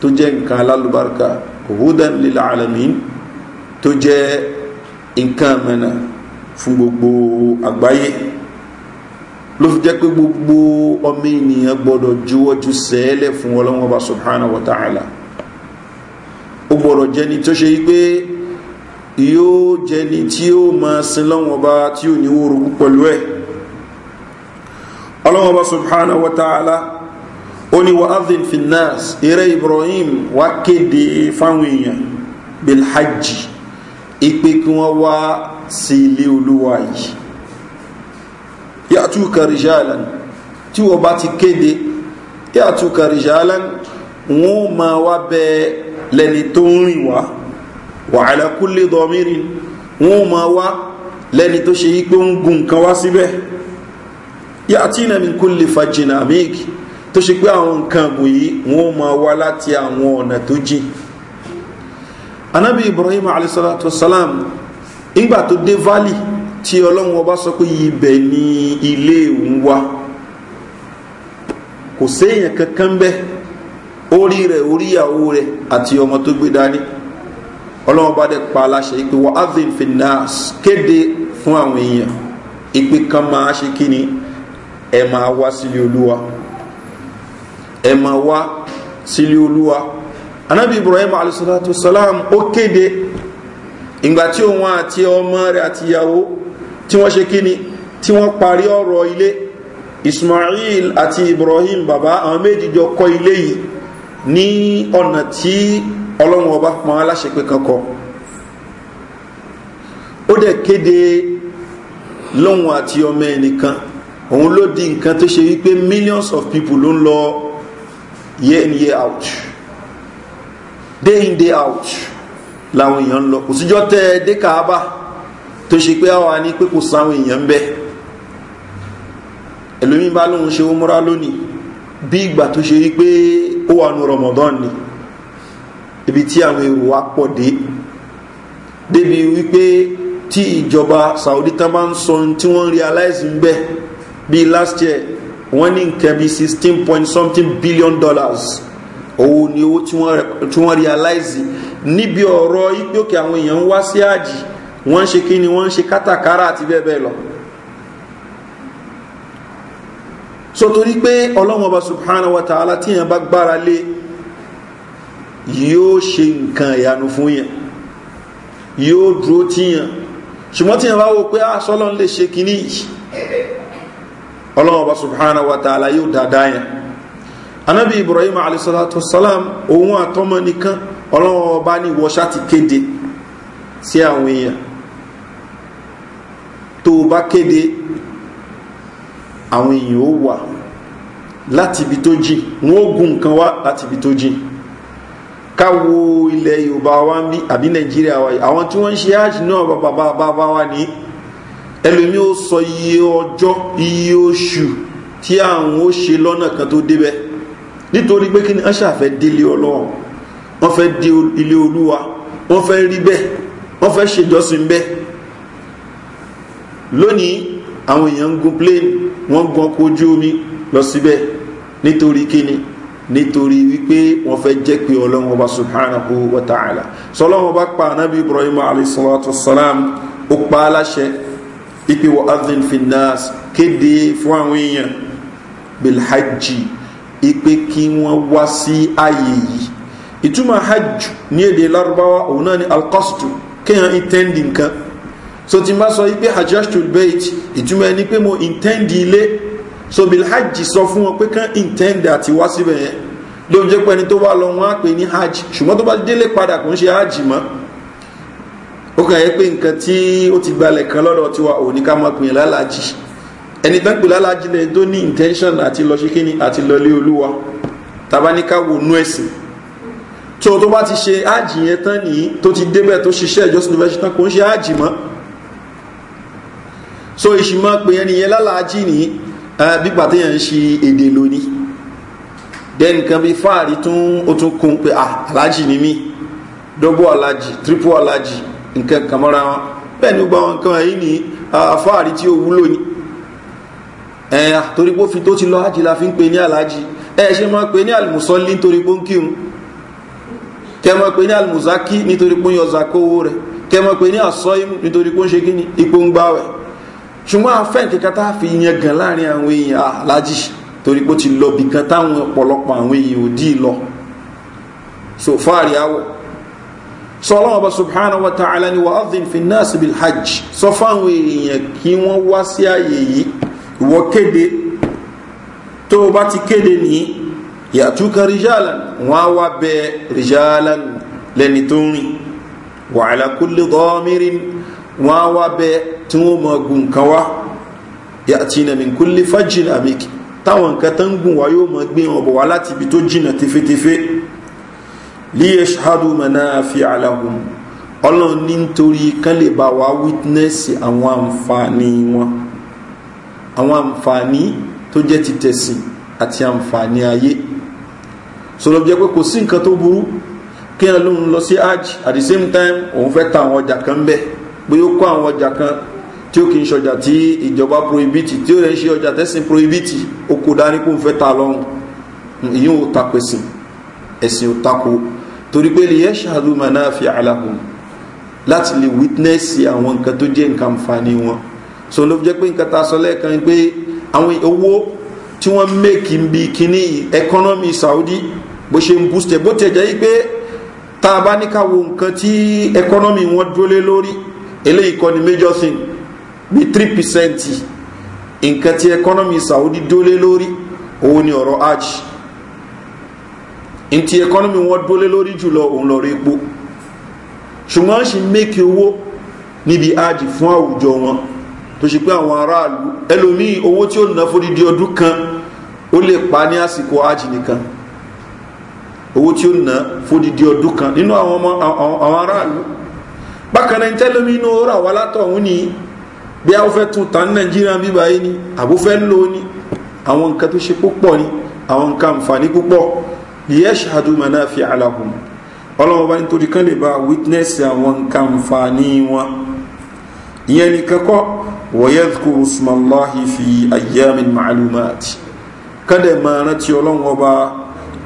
tó jẹ́ nǹkan alálùbáríkà hudan lil alamin tó jẹ́ nǹkan mẹ́nà fún gbogbo àgbáyé ló fi jẹ́ pé gbogbo ọmọ ènìyàn gbọ́dọ̀ juwọ́jú sẹ́ẹ̀lẹ̀ fún ọlọ́wọ́n bá subhanahu wa ta'ala ó gbọ́dọ̀ jẹni tó ṣe yí pé yóò jẹni tí ó máa sin lọ́wọ́n bá tí ò ní wóorú pẹ̀lú ẹ̀ ọlọ́wọ́n bá subhanahu wa ta'ala ó ní wa'adhin fi eré ibrahim wá kéde fáwọn èèyàn bilhajj ìpè kí wọ́n wá sí ilé olúwa yìí yàtú kàrìṣàlán tí wọ́n bá ti kéde yàtú kàrìṣàlán wọ́n máa wá bẹ lẹ́ni tó ń rìn wá wàhálà kúlé dọ̀mírin wọ́n máa wá lẹ́ni tó ṣe yí pé ń gun nǹkan wá síbẹ̀ yàtí náà kúlé fàjìnà méèkì tó ṣe pé àwọn nǹkan ọ̀gùn wọ́n máa wá láti àwọn ọ̀nà tó jìn anábì ibrahim alayhi salatu wasalam nígbà tó dé valley tí ọlọ́run ọba sọ pé ibẹ̀ ni ilé òun wa kò séèyàn kankan bẹ́ẹ̀ orí rẹ̀ orí ìyàwó rẹ̀ àti ọmọ tó gbé dání ọlọ́run ọba dẹ̀ pa aláṣẹ ìpè wa azim finas kéde fún àwọn èèyàn ìpè kan máa ṣe kí ni ẹ máa wá sílé olúwa ẹ máa wá sílé olúwa anabi ibrahim alayhi salatu salam ó kéde ìgbà tí òun àti ọmọ rẹ̀ àti ìyàwó tí wọ́n ṣe kíni tí wọ́n parí ọ̀rọ̀ ilé Ismail àti Ibrahim bàbá àwọn méjì jọ kọ́ ilé yìí ní ọ̀nà tí ọlọ́run ọba pọn aláṣẹ pé kankan ó dẹ̀ kéde lóhun àti ọmọ ẹnìkan òun ló di nǹkan tó ṣe wípé millions of people ló ń lọ year in year out day in day out láwọn èèyàn ń lọ kò síjọ́ tẹ́ ẹ dé kàábà tó ṣe pé àwa ni pé kò sáwọn èèyàn ń bẹ ẹlòmíín bá lóun ṣe umra lónìí bí ìgbà tó ṣe rí pé ó wà nù ramadan ni ibi tí àwọn èrò wa pọ̀ dé débi wípé tí ìjọba saudi tán bá ń sọ tí wọ́n realize ń bẹ̀ bíi last year wọ́n ní nǹkan bíi sixteen point something billion dollars owó ni owó tí wọ́n realize níbi ọ̀rọ̀ ipe òkè àwọn èèyàn ń wá sí àjì wọ́n ń ṣe kí ni wọ́n ṣe kátàkárà àti bẹ́ẹ̀ lọ so torí pé ọlọ́wọ́n subhanahu wa ta'ala tí yẹn bá gbára lé yóò ṣe nǹkan ìyanu fún yẹn yóò dúró tí yẹn ṣùgbọ́n tí yẹn bá wo pé aṣọ́lọ́n ah, lè ṣe kìíní yìí ọlọ́wọ́n subhanahu wa ta'ala yóò dáadáa yẹn anábì ibrahim alayhisalatu salam òun àtọ́mọ nìkan ọlọ́wọ́ ọba ní ìwọ́ṣá ti kéde sí àwọn èèyàn tó bá kéde àwọn èèyàn ó wà láti ibi tó jìn wọn ó nǹkan wá láti ibi tó jìn káwo ilẹ̀ yorùbá wa ń bí àbí nàìjíríà wa yìí àwọn tí wọ́n ń ṣe áàjì náà bàbá bàbá wa ní ẹlòmíì ó sọ iye ọjọ́ iye oṣù tí àwọn ó ṣe lọ́nà kan tó débẹ̀ nítorí pé kí ni wọ́n ṣàfẹ́ délé ọlọ́run wọ́n fẹ́ di ilé olúwa wọ́n fẹ́ rí bẹ́ẹ̀ wọ́n fẹ́ ṣèjọsìn bẹ́ẹ̀ lónìí àwọn èèyàn ń gun plane wọ́n gun ọkọ̀ ojú omi lọ síbẹ̀ nítorí kíni nítorí wípé wọ́n fẹ́ jẹ́ pé ọlọ́run ọba subhanahu wa ta'ala sọlọ́run ọba pa anabi ibrahim alayhi salatu wasalam ó pa á láṣẹ ipe wa adhin finnas kéde fún àwọn èèyàn bilhajji ipe kí wọ́n wá sí ààyè yìí ìtumọ̀ hajj ní èdè larubawa òun náà ni alkostu kéèyàn intendi nǹkan so ti bá sọ wípé hajjastul bait ìtumọ̀ ẹni pé mo intendi ilé so bil hajj sọ fún wọn pé kán intendi àti wá síbẹ̀ yẹn ló ń jẹ́ pé ẹni tó bá lọ wọn á pè ní hajj ṣùgbọ́n tó bá délé padà kò ń ṣe hajj mọ́ ó kàn yẹ pé nǹkan tí ó ti gbalẹ̀ kan lọ́dọ̀ tiwa òní ká máa pè é lálàjì ẹni tán pè lálàjì lẹ́yìn tó ní intention àti lọ ṣe kíni àti lọ lé olúwa tàbá ní ká wò nú ẹ̀sìn tó tó bá ti ṣe ájì yẹn tán nìyí tó ti débẹ̀ tó ṣiṣẹ́ ìjọsìn tó tán kò ń ṣe ájì mọ́ so ìṣìmọ́ pé ẹni yẹn lálàájì nìyí bí pàtẹ́yàn ń ṣe èdè lónìí then nǹkan bíi fáàrí tún ó tún kún pé ah, alájì ni mí dọ́gbọ́ alájì triple alájì nǹkan kan mọ́ra wọn bẹ́ẹ̀ ni gbogbo àwọn nǹkan yìí ni fáàrí tí ó wúlò ni ẹ̀yà torí pé ó fi tó ti lọ ájì la fi ń pè ní alájì ẹ̀ ṣe máa ń pè ní àlùmùsọ́lí nítorí pé ó ń kírun kẹmọ pé ní almuzaki nítorí pé ń yọ zakowó rẹ kẹmọ pé ní asọ́yìmù nítorí pé ń ṣe kíni ipò ń gbáwẹ̀ ṣùgbọ́n afẹ́ kíkà tá a fi yan gan láàrin àwọn èèyàn aláàjì torí pé ó ti lọ bìkan táwọn ọ̀pọ̀lọpọ̀ àwọn èèyàn ò lọ so fáàrí awọ sọ ọlọ́wọ́n bá subhanahu wa ta'ala ni wa adhin fi nas bil hajj sọ fáwọn èèyàn kí wọ́n wá sí àyè yìí ìwọ́ kéde tó o bá ti kéde nìyí yàtúkà rijalan wọn wá bẹ rijalan lẹni tó ń rìn wa ala kulli dhamirin wọn wá bẹ tí wọn mọ gùn kan wá yàtìnà min kulli fajjin amik táwọn nǹkan tó ń gùn wá yóò mọ gbé wọn bọ̀ wá láti ibi tó jìnà tẹfẹtẹfẹ liyashhadu manafi'a lahum ọlọ́run ní nítorí kán lè bá wa wítínẹ́sì àwọn àǹfààní wọn àwọn àǹfààní tó jẹ́ ti tẹ̀sìn àti àǹfààní ayé sọlọ jẹ́ pé kò sí nǹkan tó burú kí ẹ lóun lọ sí hajj at the same time òun fẹ́ ta àwọn ọjà kan bẹ́ẹ̀ pé ó kó àwọn ọjà kan tí ó kì í ṣọjà tí ìjọba prohibit tí ó rẹ̀ ń ṣe ọjà tẹ́sìn prohibit ó kó dání kó ń fẹ́ ta lọ́rùn ìyẹn ò takò ẹ̀sìn ẹ̀sìn ò takò torí pé lè yẹ ṣáàlú maná fi àlàkùn láti lè wítínẹ́sì àwọn nǹkan tó jẹ́ nǹkan àǹfààní wọn so ló pé nǹkan ta sọ lẹ́ẹ̀kan pé àwọn owó tí wọ́n mẹ́kì ń bi kíní saudi bó ṣe ń búṣẹ̀ bó tẹ̀ jẹ́ wípé tá a bá ní ká wo nǹkan tí ẹkọ́nọ́mì wọn dúrólé lórí eléyìí kọ́ ni major thing bí three percent nǹkan tí ẹkọ́nọ́mì saudi dúrólé lórí òun ni ọ̀rọ̀ hajj ntí ẹkọ́nọ́mì wọn dúrólé lórí jùlọ òun lọ́rọ̀ epo ṣùgbọ́n ṣì ń mékè owó níbi hajj fún àwùjọ wọn tó ṣe pé àwọn aráàlú ẹlòmíì owó tí ó ná fódìdí ọdún kan ó lè pa ní àsìkò hajj nìkan owó tí ó ná fódìdí ọdún kan nínú àwọn ọmọ àwọn aráàlú bákan náà tẹ́lómi inú ó rà wá látọ̀ òun ni bí a fẹ́ tún ta ní nàìjíríà bíbá yìí ni àbó fẹ́ lò ní àwọn nǹkan tó ṣe púpọ̀ ni àwọn nǹkan àǹfààní púpọ̀ yẹ́ ṣáàdù mọ̀nà fi àlàkùn ọlọ́wọ́ bá nítorí kan lè bá witness àwọn nǹkan àǹfààní wọn ìyẹn ni kẹ́kọ́ wọ̀yẹ́ kúrú sùmọ́láhì fi ayé mi màálùmáàtì kádẹ̀ máa rántí ọlọ́wọ́ bá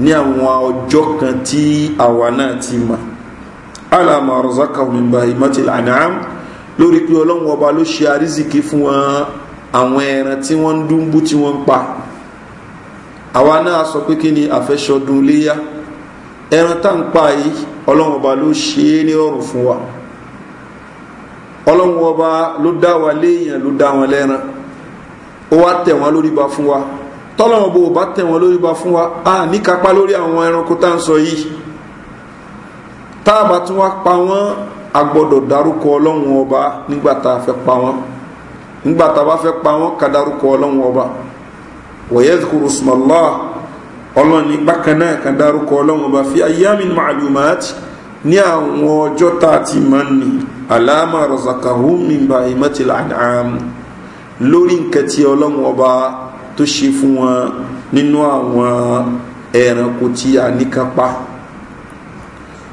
ní àwọn ọjọ́ kan tí àwa náà ti mọ̀ alama ọ̀rọ̀záka òmìnira ìmọ̀tí àdáhàm lórí pé ọlọ́run ọba ló ṣe àrísìkí fún wọn àwọn ẹran tí wọ́n ń dúnbú tí wọ́n ń pa àwa náà sọ pé kí ni àfẹ́sọdún léyà ẹran tá ń pa yìí ọlọ́run ọba ló ṣe é ní ọ̀rùn fún wa ọlọ́run ọba ló dá wa léèyàn ló dá wọn lẹ́ran ó wá tẹ̀ wọ́n lórí ba fún wa tọ́lọ́wọ́n bò bá tẹ̀ wọ́n lórí ba fún wa a ní kápá lórí àwọn ẹranko tá à ń sọ yìí tá a bá tún wá pa wọ́n a gbọ́dọ̀ dárúkọ ọlọ́run ọba nígbà tá a fẹ́ pa wọ́n nígbà tá a bá fẹ́ pa wọ́n ká dárúkọ ọlọ́run ọba wọ̀yẹ́dùkúrú sùmọ́lá ọlọ́run ní bákan náà ká dárúkọ ọlọ́run ọba fi ayámin màálùmáàtì ní àwọn ọjọ́ tá a ti máa ń ní aláàmà rọ̀zàkàhùn mímba ìmọ̀tìlá àdáhàm lórí nkẹtì ọlọ́run ọba tó ṣe fún wọn nínú àwọn ẹranko tí a níkápá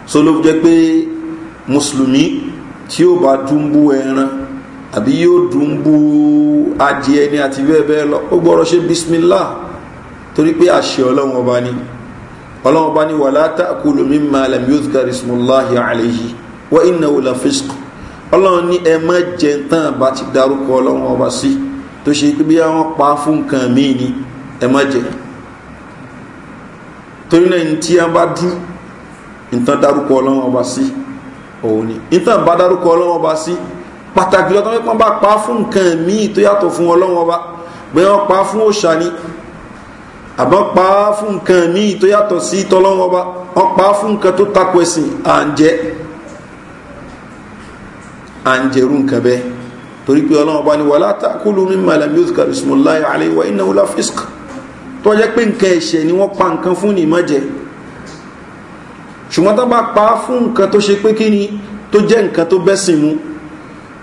so ló jẹ́ pé mùsùlùmí tí ó bá dúnbú ẹran àbí yóò dúnbú adìẹ ni àti bẹ́ẹ̀ bẹ́ẹ̀ lọ ó gbọ́dọ̀ ṣe bismillah torí pé àṣẹ ọlọ́run ọba ni ọlọ́run ọba ni wà látàkùlù mímọ̀ alam yóò zikari ismullahi alayhi wa inna wula fisk ní ẹ má jẹ tán bá ti darúkọ ọlọ́run ọba sí si tó ṣe pé bí wọ́n pa fún nǹkan míì ni ẹ má jẹ torí náà ní tí a bá dú nǹkan dárúkọ ọlọ́wọ́n ọba sí òun ni nǹkan bá dárúkọ ọlọ́wọ́n ọba sí pàtàkì lọ́tọ́ pé wọ́n bá pa fún nǹkan míì tó yàtọ̀ fún ọlọ́wọ́n ọba bẹ́ẹ̀ wọ́n pa fún òòṣà ni àbọ̀ pa fún nǹkan míì tó yàtọ̀ sí tọ́lọ́wọ́n ọba wọ́n pa fún nǹkan tó takò ẹ̀sìn à ń jẹ à ń jẹrú nǹkan bẹ́ẹ̀ torí pé ọlọ́run bá ní wà látàkùlù mímọ̀ alam yuzkar ismullahi alayhi wa innahu la fisq tó jẹ́ pé nǹkan ẹ̀ṣẹ̀ ni wọ́n pa nǹkan fún ní mọ́jẹ ṣùgbọ́n tó bá pa fún nǹkan tó ṣe pé kíni tó jẹ́ nǹkan tó bẹ́sìn mu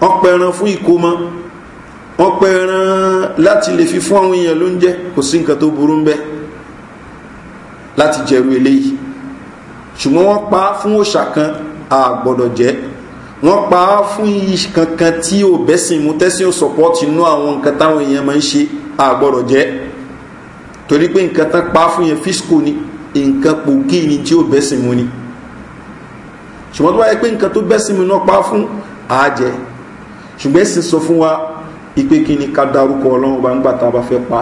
wọ́n pẹran fún ìkómọ wọ́n pẹran láti lè fi fún àwọn èèyàn ló ń jẹ́ kò sí nǹkan tó burú ń bẹ́ láti jẹ̀rù eléyìí ṣùgbọ́n wọ́n pa fún òṣà kan àgbọ̀dọ̀ jẹ́ wọ́n pa á fún iye kankan tí ò bẹ́sìn mú tẹ́sìn ò sọ̀pọ́tì inú àwọn nǹkan táwọn èèyàn máa ń ṣe àgbọ̀rọ̀ jẹ́ torí pé nǹkan tán pa á fún yẹn fisco ni nǹkan pòkì ni tí ò bẹ́sìn mú ni ṣùgbọ́n tó wáyé pé nǹkan tó bẹ́sìn mú náà pa á fún àájẹ ṣùgbọ́n ẹ̀sìn sọ fún wa ipe kí ni ká darúkọ ọlọ́run bá ń gbà tá a bá fẹ́ pa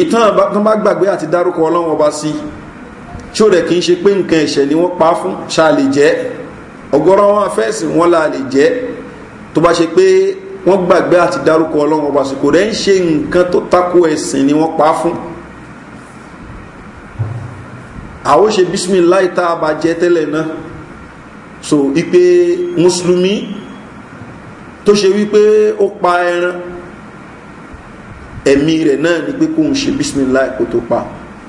ìtàn tó bá gbàgbé àti darúkọ ọlọ́run ọba sí i tí ó rẹ̀ kì ṣe pé nǹkan ẹ̀ṣẹ̀ ni wọ́n pa fún ṣá lè jẹ́ ọ̀gọ́rọ̀ àwọn afẹ́sì wọn la lè jẹ́ tó bá ṣe pé wọ́n gbàgbé àti dárúkọ ọlọ́run ọba sùkò rẹ̀ ń ṣe nǹkan tó tako ẹ̀sìn ni wọ́n pa fún àwọn ṣe bisimilayi tá a bá jẹ tẹ́lẹ̀ náà so ipe mùsùlùmí tó ṣe wípé ó pa ẹran ẹ̀mí rẹ̀ náà ni pé kóun ṣe bisimilayi kó tó pa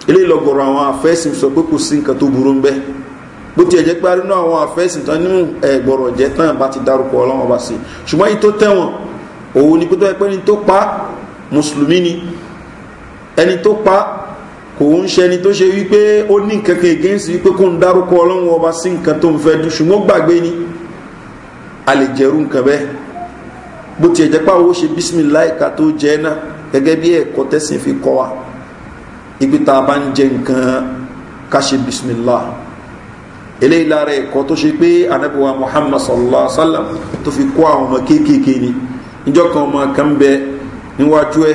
eléyìí lọ́gọ̀rọ̀ àwọn àfẹ́sìn sọ pé kò sí nǹkan tó burú ń bẹ́ bó tiẹ̀ jẹ́ pé arínú àwọn àfẹ́sìn tán nínú ẹ̀gbọ̀rọ̀ jẹ́ tán bá ti dárúkọ ọlọ́wọ́n bá sí ṣùgbọ́n yìí tó tẹ̀wọ̀n òun ni pété pé ní tó pa mùsùlùmí ni ẹni tó pa kò ń ṣe ẹni tó ṣe wípé ó ní nǹkan kan against wípé kó ń dárúkọ ọlọ́wọ́n ọba sí nǹkan tó ń fẹ́ dùn ṣùgbọ́n gbàgbé ni a lè jẹ̀rú nǹkan bẹ́ẹ̀ bó tiẹ̀ jẹ́ pé àwọn ó ṣe bísímìláì ibi tá a bá ń jẹ nǹkan ká ṣe bisimilá eléyìí lára ẹ̀kọ́ tó ṣe pé anábíwá muhammad sallallahu alaihi wa sallam tó fi kó àwọn ọmọ kéékèèké ni níjọ́ kan ọmọ kan bẹ níwájú ẹ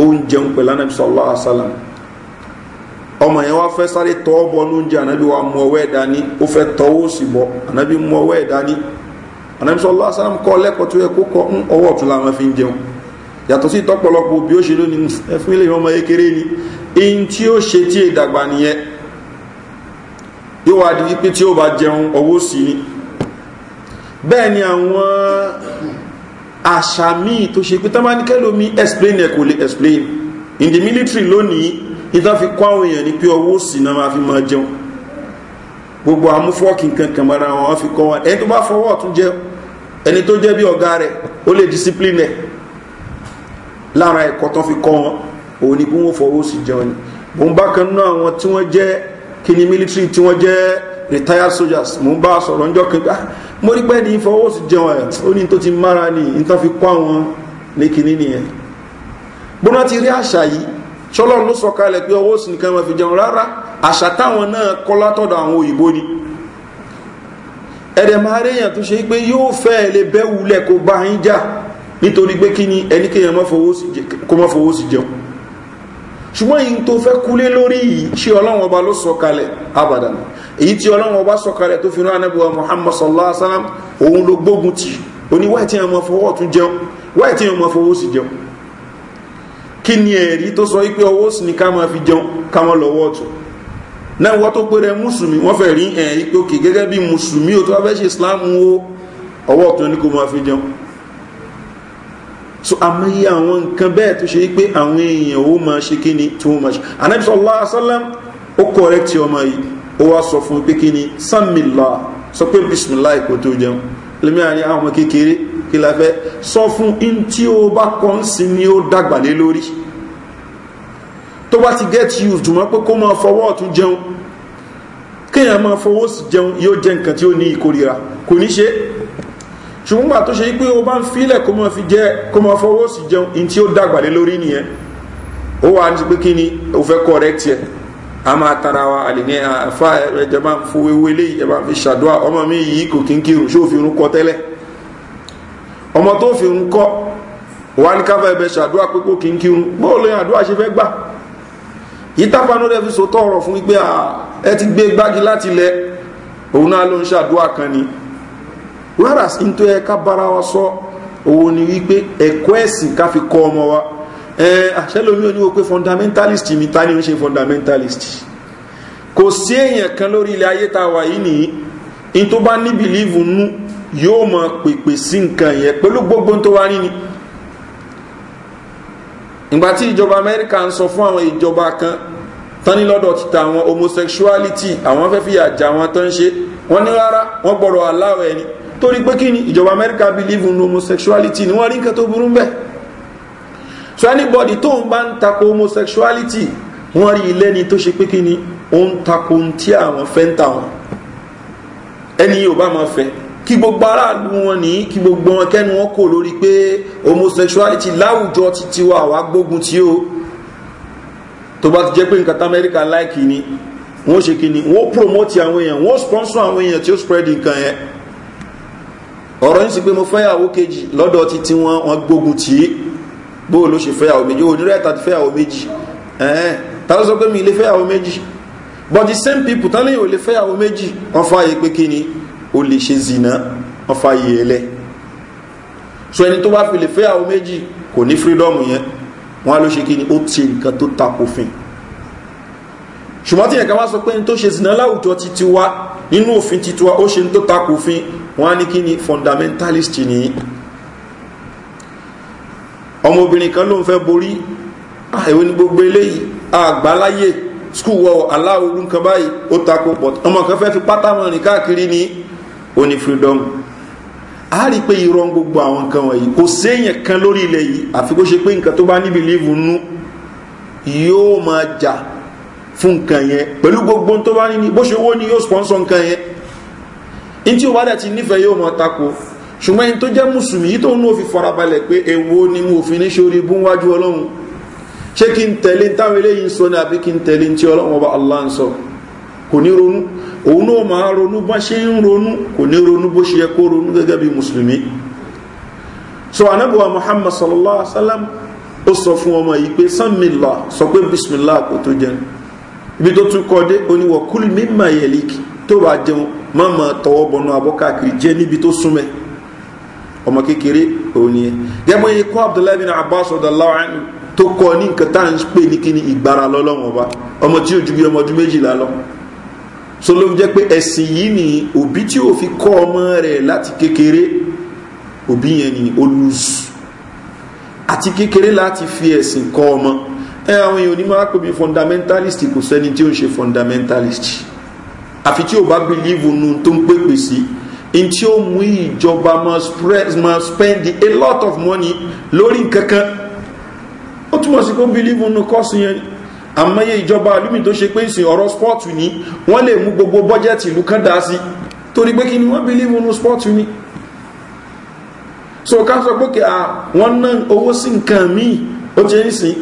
ó ń pẹ̀lú anábí sallallahu alaihi wa sallam ọmọ yẹn wá fẹ́ sáré tọ́ bọ́ lóúnjẹ ànábí wa mú ọwọ́ ẹ̀ dání ó fẹ́ tọ́wọ́ sí bọ́ ànábí mú ọwọ́ ẹ̀ dání ànábí sallallahu alaihi wa sallam kọ́ lẹ́kọ̀ọ́ tó yẹ kó kọ́ ọwọ́ ọ̀tún làwọn fi ń jẹun yàtọ̀ sí tọ́pọ̀lọpọ̀ bí ó ṣe lónìí ẹfún ilé ọmọ ekere ni in tí ó ṣe tí ìdàgbà nìyẹn yóò wá di wípé tí ó bá jẹun ọwọ́ sí ni bẹ́ẹ̀ ni àwọn àṣà míì tó ṣe pé tamanikẹ́lò mi explain ẹ̀ kò lè explain in the military lónìí ìtàn fi kọ́ àwọn èèyàn ni pé ọwọ́ sí náà máa fi máa jẹun gbogbo amúfọ́ọ̀kì nǹkan kan mara wọn fi kọ́ wọn ẹni tó bá fọwọ́ ọ̀tún jẹ ẹni tó jẹ́ bí ọ̀gá rẹ̀ ó lè discipline ẹ̀ lára ẹ̀kọ́ tán fi kọ́ wọn òun ni bí wọ́n fọwọ́ sí jẹun ni mò ń bá kan náà àwọn tí wọ́n jẹ́ kíni military tí wọ́n jẹ́ retired soldiers mò ń bá a sọ̀rọ̀ ńjọ́ kan ah, mo rí pẹ́ ní fọwọ́ sí jẹun ẹ̀ ó ní tó ti mára ni ní tán fi kọ́ àwọn ní kíní nìyẹn bóná ti rí àṣà yìí ṣọ́lọ́ ló sọ kalẹ̀ pé ọwọ́ sí nìkan máa fi jẹun rárá àṣà táwọn náà kọ́ látọ̀dọ̀ àwọn òyìnbó ni ẹ̀dẹ̀ máa réyàn tó ṣe pé yóò fẹ́ lè bẹ́wulẹ̀ kó bá yín jà nítorí pé kí ni ẹnikẹ́yàn kó má fowó sí jẹun ṣùgbọ́n yìí tó fẹ́ kúlé lórí ṣe ọlọ́run ọba ló sọkalẹ̀ abadan èyí tí ọlọ́run ọba sọkalẹ̀ tó fi anábíwá muhammad sallallahu alaihi wasallam òun ló gbógun ti oní wáyé tí ọmọ fọwọ́ tún jẹun wáyé tí ọmọ fọwọ́ sí jẹun kí ni ẹ̀rí tó sọ wípé ọwọ́ sí ni ká máa fi jẹun ká máa lọ́wọ́ ọ̀tún náà wọ́n tó pé rẹ mùsùlùmí wọ́n fẹ́ rí ẹ̀rí pé òkè gẹ́gẹ́ bí mùsùlùmí ò tó ṣe islam wo ọwọ́ ọ̀tún ni kò máa fi jẹun so àmọ́yé àwọn nǹkan bẹ́ẹ̀ tó ṣe pé àwọn èèyàn ó máa ṣe kí ni tí wọ́n máa ṣe anabi sallallahu alayhi sallam ó correct ọmọ yìí ó wá sọ fún pé kí ni sàmìlá sọ pé bisimilá kò tó jẹun lèmi àní àwọn kékeré kí la fẹ́ sọ fún in tí ó bá kọ́ ń sin ni ó dàgbà lé lórí tó bá ti get used mọ́ pé kó máa fọwọ́ ọ̀tún jẹun kéèyàn máa fọwọ́ sí jẹun yóò jẹ nǹkan tí ó ní ìkórira kò ní ṣe é ṣùgbọ́n gbà tó ṣe pé o bá ń filẹ̀ kó mọ́ fi jẹ́ kó mọ́ fọwọ́ sí jẹun in tí ó dàgbà lé lórí o fẹ́ correct yẹ a máa tara wa àlìní àfa ah, ẹ̀jẹ̀ máa ń ewé lé ẹ̀ máa fi ṣàdúrà ọmọ mi yìí kò kí n kírun ṣé òfin kọ tẹ́lẹ̀ ọmọ tó fi wà ní ṣàdúrà pé kò kí n kírun bóò lóyìn àdúrà ṣe fẹ́ gbà yìí tápanú rẹ̀ fi sòtọ́ ọ̀rọ̀ fún wípé ah, ẹ ti gbé gbági láti lẹ kan ni whereas n tó yẹ ká bára wa sọ òun ni wípé ẹ̀kọ́ ẹ̀sìn ká fi kọ́ ọmọ wa àṣẹlómi ò ní wo pé fundamentalist mi ta ni ó ń ṣe fundamentalist kò sí èèyàn kan lórí ilẹ̀ ayé tá a wà yìí nìyí in tó bá ní bìlíìfù nú yóò mọ pèpè sí nǹkan yẹn pẹ̀lú gbogbo tó wá ní ni ìgbà tí ìjọba amẹ́ríkà ń sọ fún àwọn ìjọba kan tán ní lọ́dọ̀ títa àwọn homosexuality àwọn fẹ́ fìyà jà wọn tán ń ṣe wọ́n ní rárá wọ́n gbọ́dọ̀ aláwọ̀ ẹni torí pé kí ni ìjọba amẹ́ríkà believe in homosexuality ni wọ́n rí nǹkan tó burú bẹ́ẹ̀ so anybody tó ń bá ń tako homosexuality wọ́n rí ilé ni tó ṣe pé kí ni ó ń tako tí àwọn fẹ́ ń ta wọn ẹni yóò bá máa fẹ́ kí gbogbo aráàlú wọn ní kí gbogbo wọn kẹ́nu wọn kò lórí pé homosexuality láwùjọ ti tiwa àwa gbógun tí ó tó bá ti jẹ́ pé nǹkan tamẹ́ríkà láìkì ni wọ́n ṣe kí ni wọ́n promote àwọn èèyàn wọ́n sponsor àwọn èèyàn tí ó spread nǹkan yẹn ọ̀rọ̀ yìí sì pé mo fẹ́yàwó kejì lọ́dọ̀ ti tí wọ́n wọ́n gbógun tí bóò ló ṣe fẹ́yàwó méjì onírẹ́ta ti fẹ́yàwó méjì ẹ̀ẹ́n ta sọ pé mi ilé fẹ́yàwó méjì but the same people tán lẹ́yìn ò lè fẹ́yàwó méjì wọ́n fààyè pé kí ni o lè ṣe zìnà wọ́n fààyè ẹlẹ́ so ẹni tó bá fi lè fẹ́yàwó méjì kò ní freedom yẹn wọ́n á ló ṣe kí ni ó ti nǹkan tó takòfin ṣùgbọ́n tí ẹ̀ka wá sọ pé ní tó ṣe zìnà láwùjọ ti tiwa nínú òfin ti tiwa ó ṣe ní tó takòfin wọ́n á ní kí ni fundamentalist ni ọmọbìnrin kan ló ń fẹ́ borí àìwé ní gbogbo eléyìí àgbáláyè skul wọ aláwo nǹkan báyìí ó takò pọ̀ ọmọ kan fẹ́ fi pátá rìn káàkiri ní oní freedom a rí pé irọ́ ń gbogbo àwọn nǹkan wọ̀nyí kò séèyàn kan lórí ilẹ̀ yìí àfi kó ṣe pé nǹkan tó bá níbi líìfù nú yóò máa jà fún nǹkan yẹn pẹ̀lú gbogbo tó bá ní bó ṣe wó ni yóò sponsor nǹkan yẹn in tí o bá dẹ̀ ti nífẹ̀ẹ́ yóò mọ tako ṣùgbọ́n in tó jẹ́ mùsùlùmí yìí tó ń fi farabalẹ̀ pé èwo ni mo fi ní ṣorí bú wájú ọlọ́run ṣé kí n tẹ̀lé táwọn eléyìí ń sọ ní àbí kí n tẹ̀lé tí ọlọ́run ọba allah ń sọ kò ní ronú òun náà máa ronú bá ṣe ń ronú kò ní ronú bó ṣe yẹ kó ronú gẹ́gẹ́ bí mùsùlùmí so anabuwa muhammad sallallahu alaihi wa sallam ó sọ fún ọmọ yìí pé sanmila sọ pé bisimilah kò tó jẹun ibi tó tún kọ́ dé oníwọ̀kúlù mímọ̀ tó bá jẹun mọ́mọ́ tọwọ́ bọnú abọ́ káàkiri jẹ́ níbi tó súnmẹ́ ọmọ kékeré òní ẹ gẹ́gbọ́n yìí kọ́ abdullahi bin abbas radallahu anhu tó kọ́ ní nǹkan tá à ń pè ní kíni ìgbára lọ́lọ́wọ́n ọba ọmọ tí ojú bí ọmọ ọdún méjìlá lọ so ló jẹ́ pé ẹ̀sìn yìí ni òbí tí ò fi kọ́ ọmọ rẹ̀ láti kékeré òbí yẹn ni ó lùsù àti kékeré láti fi ẹ̀sìn kọ́ ọmọ ẹ àwọn èèyàn onímọ̀ àpèbí fundamentalist kò sẹ́ni tí ó ń ṣe fundamentalist àfi tí o bá bìlíìfù nu tó ń pèpè sí n tí mú ìjọba máa spend a lot of money lórí nǹkan kan ó túmọ̀ sí kó bìlíìfù nu kọ́sìn yẹn àmọ́yé ìjọba alúmi tó ṣe pé ìsìn ọ̀rọ̀ spọ́ọ̀tù ní wọ́n lè mú gbogbo bọ́jẹ́tì ìlú kan dá sí torí pé kí ni wọ́n bìlíìfù nu spọ́ọ̀tù ní so ká sọ pé kí a wọ́n ná owó sí nǹkan míì ó ti ń sìn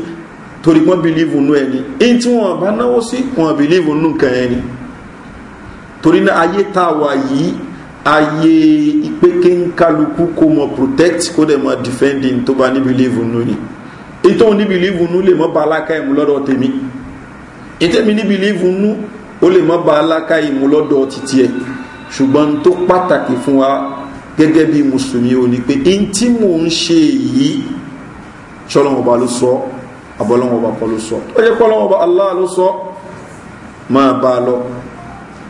torí wọ́n bìlíìfù nu ẹni in tí wọ́n bá náwó sí wọ́n bìlíìfù nu nǹkan ẹni torí náà ayé tá a wà yìí ayé ìpè kéńkálukú kó mọ protect kó dẹ̀ mọ defending tó bá níbi líìvù nù ni ètò níbi líìvù nù lè mọ́ bá aláka ìmú lọ́dọ̀ tèmi ètèmi níbi líìvù nù ó lè mọ́ bá aláka ìmú lọ́dọ̀ títí ẹ̀ ṣùgbọ́n tó pàtàkì fún wa gẹ́gẹ́ bí mùsùlùmí ò ní pé in tí mò ń ṣe yìí ṣọ́lọ́wọ́ ló sọ abọ́lọ́wọ́ kọ́ ló sọ ó yẹ kọ́lọ́wọ́ aláà ló sọ máa bá a lọ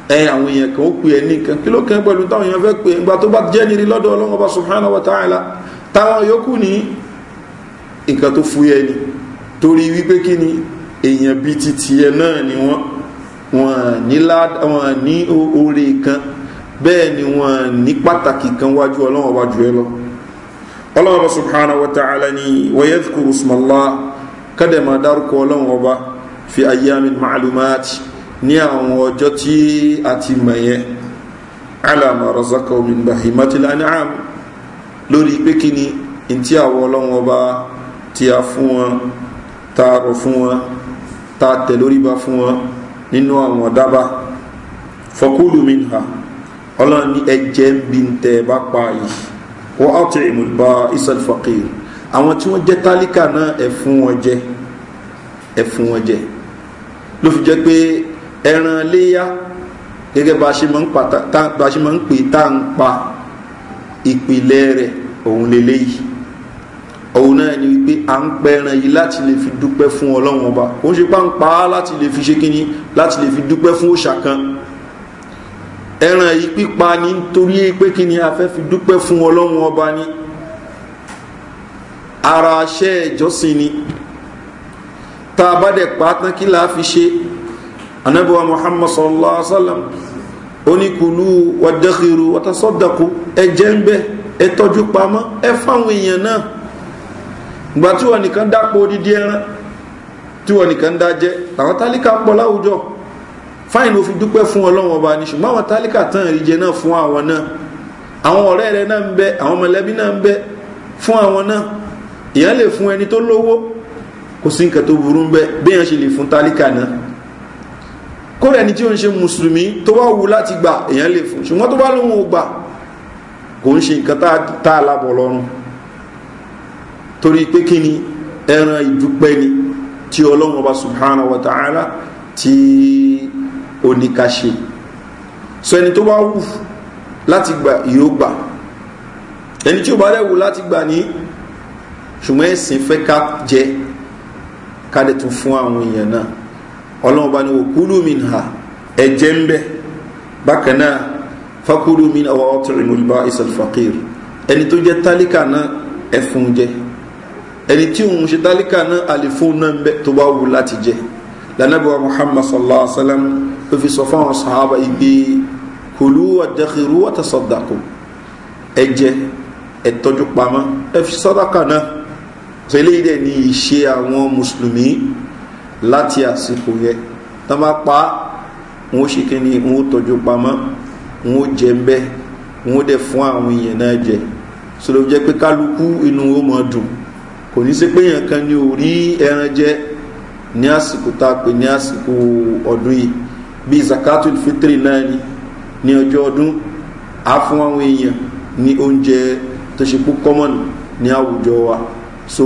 ẹ àwọn èèyàn kan ó pè ẹ nìkan kí ló kàn pẹ̀lú táwọn èèyàn fẹ́ pè é nígbà tó bá jẹ́ nírí lọ́dọ̀ ọlọ́run ọba subhanahu wa ta'ala táwọn yòókù ní nǹkan tó fúyẹ́ ni torí wípé kí ni èèyàn bíi ti tiẹ̀ náà ni wọ́n wọ́n ní oore kan bẹ́ẹ̀ ni wọ́n ní pàtàkì kan wájú ọlọ́run ọba jù ẹ lọ ọlọ́run ọba subhanahu wa ta'ala ni wayadhkuru fi ayyamin ma'lumati ní àwọn ọjọ́ tí a ti mọ̀ yẹn alama razaka min bahimatil an'am lórí pé kí ni n tí àwọn ọlọ́wọ́n ọba tí a fún wọn tá a rọ̀ fún wọn tá a tẹ̀ lórí ba fún wọn nínú àwọn dábà fakulu minha ọlọ́run ní ẹjẹ́ ń bi tẹ́ bá pa yìí wọ́n á tẹ ìmùlùbá isal fakir àwọn tí wọ́n jẹ́ tálíkà náà ẹ̀ wọn jẹ ẹ̀ wọn jẹ ló fi jẹ́ pé ẹran léyà gẹ́gẹ́ bá ṣe máa ń pè tá à ń pa ìpìlẹ̀ rẹ̀ òun lélẹ́yìí òun náà ni wípé à ń pẹran yìí láti lè fi dúpẹ́ fún ọlọ́run ọba ó ń ṣe pá ń pa á láti lè fi ṣe kíni láti lè fi dúpẹ́ fún òòṣà kan ẹran yìí pípa ni nítorí pé kíni a fẹ́ fi dúpẹ́ fún ọlọ́run ọba ni ara aṣẹ́ ìjọsìn ni tá a bá dẹ̀ pa tán kí là fi ṣe anabiwa muhammad sallallahu alaihi wa sallam oníkulú wàdẹ́kìrú wàtàsọ́dàkú ẹjẹ́ ń bẹ́ ẹ tọ́jú pamọ́ ẹ fáwọn èèyàn náà ìgbà tí wọ́n nìkan dápò odidi ẹran tí wọ́n nìkan dájẹ́ àwọn tálíkà pọ̀ láwùjọ fáìn òfin dúpẹ́ fún ọlọ́wọ́n ọba ní ṣùgbọ́n àwọn tálíkà tán ìrìjẹ náà fún àwọn náà àwọn ọ̀rẹ́ rẹ náà ń bẹ àwọn mọ̀lẹ́bí náà ń bẹ fún àwọn náà ìyẹn lè fún ẹni tó lówó kò sí nǹkan tó burú ń bẹ bí èèyàn ṣe lè fún tálíkà kódà ẹni tí ó ń ṣe mùsùlùmí tó bá wu láti gbà èèyàn lè fún ṣùgbọ́n tó bá lóun ò kò ń ṣe nǹkan tá a lábọ̀ lọ́rùn torí pé kí ni ẹran ìdúpẹ́ ni tí ọlọ́run ọba subhanahu wa ta'ala tí oníkaṣe so ẹni tó bá wù láti gbà yóò gbà ẹni tí ó bá rẹ̀wù láti gbà ní ṣùgbọ́n ẹ̀sìn fẹ́ ká jẹ ká dẹ̀ tún fún àwọn èèyàn náà ọlọ́run bá ní wò kúlù mi nà ẹ̀jẹ̀ ń bẹ́ bákan náà fakulu mi náà wà ọ́ tẹ̀rẹ̀ mọ́ bá isal fakir ẹni tó jẹ́ tálíkà náà ẹ̀ fún jẹ ẹni tí òun ṣe tálíkà náà àlefún náà ń bẹ tó bá wù láti jẹ lànàbíwá muhammad sallallahu alaihi wa sallam ó fi sọ fáwọn sàhábà ìgbé kòlú àdàkìrú àtàsọdàkù ẹjẹ ẹtọjú pamọ ẹ fi sọdàkà náà tẹlẹ ní ìṣe àwọn mùsùlùmí láti àsìkò yẹ tán bá pa wọn ó ṣe kí ni wọn ó tọjú pamọ́ wọn ó jẹ mbẹ wọn ó dẹ fún àwọn èèyàn náà jẹ sọlọ jẹ pé kálukú inú ó mọ dùn kò ní sí pé èèyàn kan ni ò rí ẹran jẹ ní àsìkò tá a pè ní àsìkò ọdún yìí bíi zakatul fitri náà ni ní ọjọ́ ọdún á fún àwọn èèyàn ní oúnjẹ tó ṣe kú kọ́mọ̀nù ní àwùjọ wa so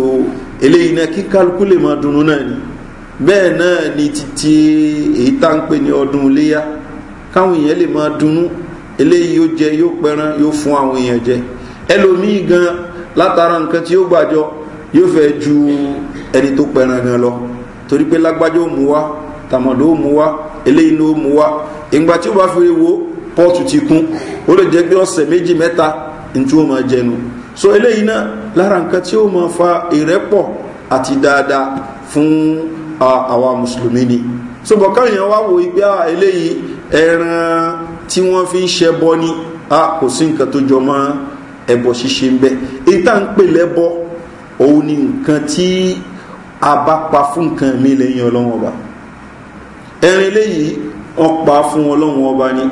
eléyìí náà kí kálukú lè máa dunnú náà ni bẹ́ẹ̀ náà ni títí èyí tá ń pè ní ọdún iléyà káwọn èèyàn lè máa dunnú eléyìí yóò jẹ yóò pẹran yóò fún àwọn èèyàn jẹ ẹlòmíì gan látara nǹkan tí ó gbàjọ yóò fẹ́ ju ẹni tó pẹran gan lọ torí pé lágbájá ó mú wá tàmọ̀dó ó mú wá eléyìí ló mú wá ìgbà tí ó bá fi wo pọ́ọ̀tù ti kún ó lè jẹ́ pé ọ̀sẹ̀ méjì mẹ́ta ní ó máa jẹnu so eléyìí náà lára nǹkan tí ó máa fa ìrẹ́pọ̀ àti dáadáa fún àwa mùsùlùmí ni ṣùgbọ́n káyàn wá wo ibi ah, eléyìí ẹran tí wọ́n fi ń ṣẹbọ ni a ah, kò sí nǹkan tó jọ mọ́ ẹbọ ṣíṣe ń bẹ ìta ń pè lẹ́bọ òun ni nǹkan tí a bá pa fún nǹkan mi lẹ́yìn ọlọ́wọ́n ọba ẹran eléyìí wọ́n pa fún ọlọ́wọ́n ọba ni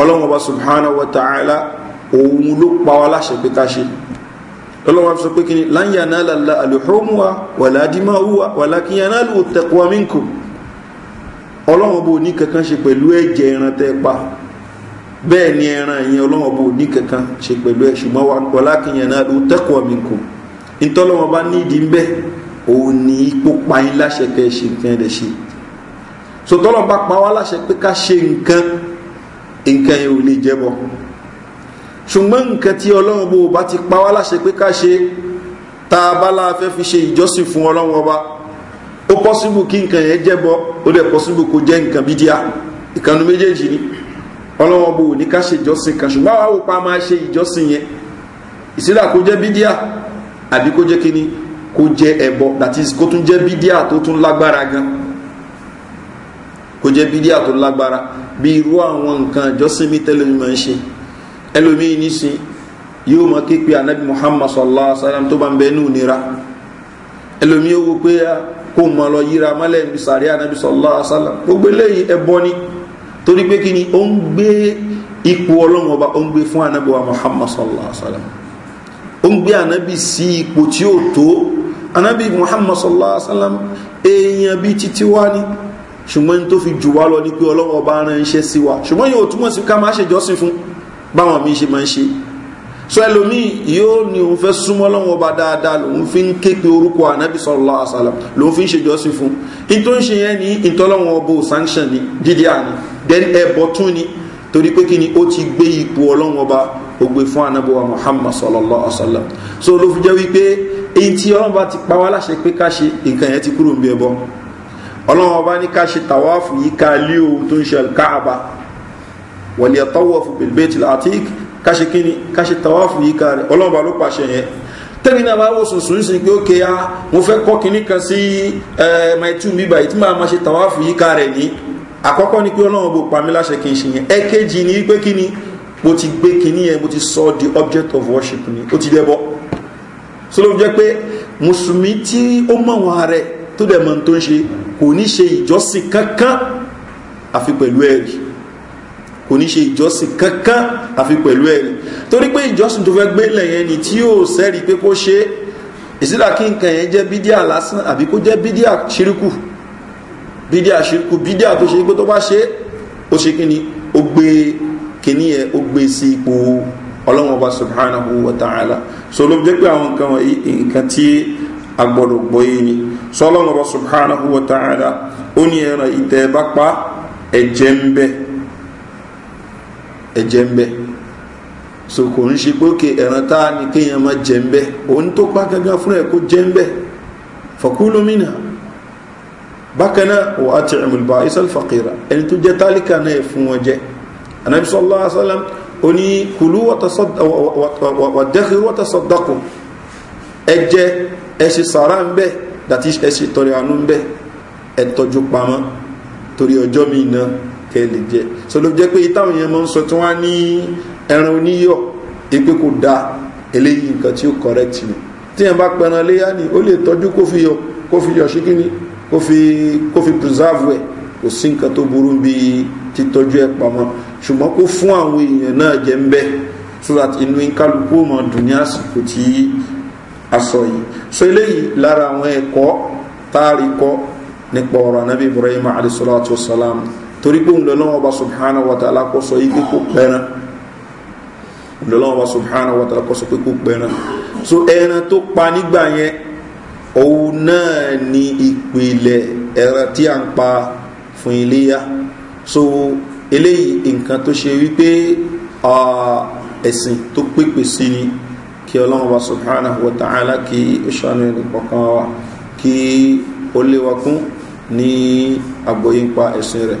ọlọ́wọ́n ọba subhanahu wa ta'ala òun ló pa wá láṣẹ pé ká ṣe lọ́lọ́wọ́ sọ pé kíni láyé anáàlá alùhùmùwà wàládìmáwùwà wàlákíyàná lù tẹ̀kọ́ mínkù ọlọ́wọ́ bò ní kankan ṣe pẹ̀lú ẹ̀jẹ̀ ẹran tẹ́ pa bẹ́ẹ̀ ni ẹran ìyẹn ọlọ́wọ́ bò ní kankan ṣe pẹ̀lú ẹ̀ ṣùgbọ́n wàlákíyàná lù tẹ̀kọ́ mínkù ntọ́lọ́wọ́ bá nídìí ń bẹ́ òun ní ipò payín láṣẹ kẹ́ ṣe nǹkan ẹ̀dẹ̀ ṣe sọtọ́lọ́ bá pa wá láṣẹ pé ká ṣe nǹkan nǹkan yẹn ò lè jẹ́ bọ́ ṣùgbọ́n nǹkan tí ọlọ́run bó bá ti pa wá láṣẹ pé ká ṣe tá a bá láà fẹ́ fi ṣe ìjọsìn fún ọlọ́run ọba ó pọ́síbù kí nǹkan yẹn jẹ́bọ ó dẹ̀ pọ́síbù kó jẹ́ nǹkan bídíà ìkànnì méjèèjì ni ọlọ́run ọba ò ní ká ṣe ìjọsìn kan ṣùgbọ́n àwa wò pa máa ṣe ìjọsìn yẹn ìsílà kó jẹ́ bídíà àbí kó jẹ́ kíni kó jẹ́ ẹ̀bọ that is kó tún jẹ́ bídíà tó tún lágbára gan kó jẹ́ bídíà tó lágbára bí irú àwọn nǹkan ìjọsìn mi tẹ́lẹ̀ mi máa ń ṣe ẹlòmíì nísìn yóò mọ képe anabi muhammad sallallahu alaihi wa sallam tó bá ń bẹ ní ònira ẹlòmíì ó pé kó mọ lọ yíra mọ́lẹ̀ níbi sàrí anabi sallallahu alaihi wa sallam gbogbo eléyìí ẹbọ ni torí pé kí ni ó ń gbé ipò ọlọ́run ó ń gbé fún anabi wa muhammad sallallahu alaihi wa sallam ó ń gbé anabi sí ipò tí ó tó anabi muhammad sallallahu alaihi wa sallam èèyàn bíi títí wá ni ṣùgbọ́n tó fi jù wá lọ ni pé ọlọ́run ọba rán iṣẹ́ sí wa ṣùgbọ́n yóò túmọ̀ sí ká má ṣèjọ́sìn fún un báwọn mi ṣe máa ń ṣe so ẹlòmíì yóò ní òun fẹ́ súnmọ́ lọ́wọ́ ọba dáadáa lòun fi ń képe orúkọ ànábì sallallahu alaihi wasallam lòun fi ń ṣe jọ́sìn fún in tó ń ṣe yẹn ní ìtọ́lọ́wọ́ ọba sanction ni dídí àná then ẹ̀bọ tún ni torí pé kí ni ó ti gbé ipò ọlọ́wọ́ ọba ó fún ànábì wa Muhammad sallallahu alaihi wasallam so ló fi jẹ́ wípé èyí tí ọlọ́wọ́ ọba ti pa wá láṣẹ pé ká ṣe nǹkan yẹn ti kúrò ń bí ẹbọ ọlọ́wọ́ ọba ní ká ṣe tàwáàfù yìí ká lé tó ń ṣe káàbà wọ̀lẹ̀ tọ́wọ́fù bilbetil atik káṣe kíni káṣe tọ́wọ́fù yìí ká rẹ̀ ọlọ́ọ̀bá ló pàṣẹ yẹn tẹ́ni náà bá wò sùnsùn sí pé ó ké ya mo fẹ́ kọ́ kíní kan sí maitu bíbá yìí tí màá máa ṣe tọ́wọ́fù yìí ká rẹ̀ àkọ́kọ́ ni pé ọlọ́run bò pa mí láṣẹ kí n ṣe yẹn ẹ̀kejì ni pé kíni mo ti gbé kíní yẹn mo ti sọ the object of worship ni ó ti dẹ́bọ́ sọlọ́ jẹ́ pé mùsùlùmí tí ó mọ̀ wọn rẹ̀ tó dẹ̀ mọ̀ tó ń ṣe kò ní ṣe ìjọsìn kankan àfi pẹ̀lú ẹ̀rí kò ní ṣe ìjọsìn kankan àfi pẹ̀lú ẹ̀rí torí pé ìjọsìn tó fẹ́ gbé lẹ̀yẹn ni tí yóò sẹ́rí pé kó ṣe ìsílà kí nǹkan yẹn jẹ́ bídíà lásán àbí kó jẹ́ bídíà ṣíríkù bídíà ṣíríkù bídíà tó ṣe pé tó bá ṣe ó ṣe kíni ó gbé kíní yẹn ó gbé sí ipò ọlọ́wọ́n ọba subhanahu wa ta'ala so ló jẹ́ pé àwọn nǹkan wọ̀nyí nǹkan tí a gbọ́ yìí ni so ọba subhanahu wa ta'ala ó ní ẹran ìtẹ́ bá pa ẹ̀jẹ̀ ń bẹ́ẹ̀ ẹ̀jẹ̀ ń bẹ so kò ń ṣe pé òkè ẹ̀ràn tá a ní kéèyàn máa jẹ ń bẹ òun tó pa gangan fún ẹ̀ kó jẹ ń bẹ fọkúlómìnà bákan náà wà á ti ẹ̀mùlùbá isal fàkìrà ẹni tó jẹ tálíkà náà fún wọn jẹ anabi sallallahu alaihi wasallam oni kulu wàdẹ́kìrú ẹjẹ ẹṣì sàrà ń bẹ dàtí ẹṣì tọrẹ àánú ń bẹ ẹtọjú pamọ́ torí ọjọ́ mi náà kẹ́ ẹ lè jẹ so ló jẹ́ pé táwọn èèyàn máa ń sọ tí wọ́n á ní ẹran oníyọ̀ èpè kò da eléyìí nǹkan tí ó correct ni tí èèyàn bá pẹran léyà ni ó lè tọ́jú kó fi yọ kó fi yọ ṣíkíní kó fi kó fi preserve ẹ̀ kò sí nǹkan tó burú bí títọ́jú ẹ̀ pamọ́ ṣùgbọ́n kó fún àwọn èèyàn náà jẹ ń bẹ́ so that inú kálukú mọ̀ dùn àsìkò tí a sọ yìí so eléyìí lára àwọn ẹ̀kọ́ táàrí kọ́ nípa ọ̀rọ̀ anábì ibrahim alayhi salatu wa salam torí pé bá subhanahu wa ta'ala kọ́ sọ yí pé kò pẹ́ran òǹlọ́lọ́wọ́ bá subhanahu wa ta'ala kọ́ sọ pé pẹ́ran so ẹran tó pa nígbà yẹn òun náà ni ìpìlẹ̀ ẹran tí a ń pa fún iléyà so eléyìí nǹkan tó ṣe wípé ẹ̀sìn tó pépè sí ni kí ọlọ́run bá subhanahu wa ta'ala kí ó ṣàánú ẹni kọ̀ọ̀kan wa kí ó léwa kún ní àgbọ́yé pa ẹ̀sìn rẹ̀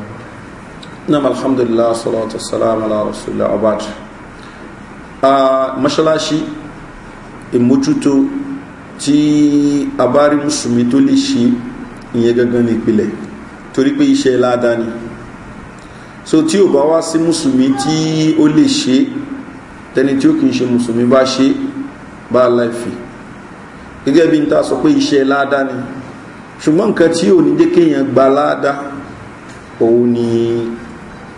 nam alhamdulilah salatu salam ala rasulillah abad mọ́ṣáláṣí ìmójútó tí a bá rí mùsùlùmí tó lè ṣe ìyẹn gangan ní ìpìlẹ̀ torí pé iṣẹ́ ládàá ni so tí ò bá wá sí mùsùlùmí tí ó lè ṣe tẹni tí ó kìí ṣe mùsùlùmí bá ṣe bá láìfi gẹ́gẹ́ bí n ta sọ pé iṣẹ́ ládàá ni ṣùgbọ́n nǹkan tí ò ní jẹ́ kéèyàn gba ládàá òun ni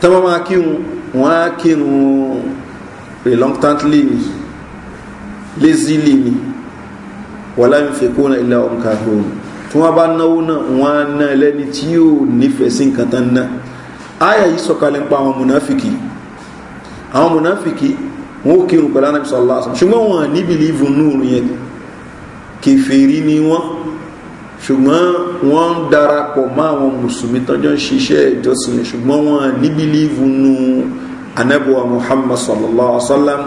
tọ́ba máa kírun wọ́n á kírun lini, ni lazily ni wàlá mi fi kó ilé ọ̀hún káàkiri tí wọ́n bá náwó náà wọ́n á ná ẹlẹ́ni tí yóò nífẹ̀ẹ́ sí nǹkan tán ná àyà yìí sọ̀kalẹ̀ ń pa àwọn mùnáfìkì àwọn mùnáfìkì wọn ò kírun pẹ̀lú anábìsọ̀ aláṣọ ṣùgbọ́n wọn à ní bìlíìfù nù yẹn kẹfẹ́rí ni wọ́n ṣùgbọ́n wọ́n ń darapọ̀ mọ́ àwọn mùsùlùmí tọ́jọ́ ń ṣiṣẹ́ ìjọsìn ṣùgbọ́n wọn ní bílíìfù nu anabuwa muhammad sallallahu alaihi wa sallam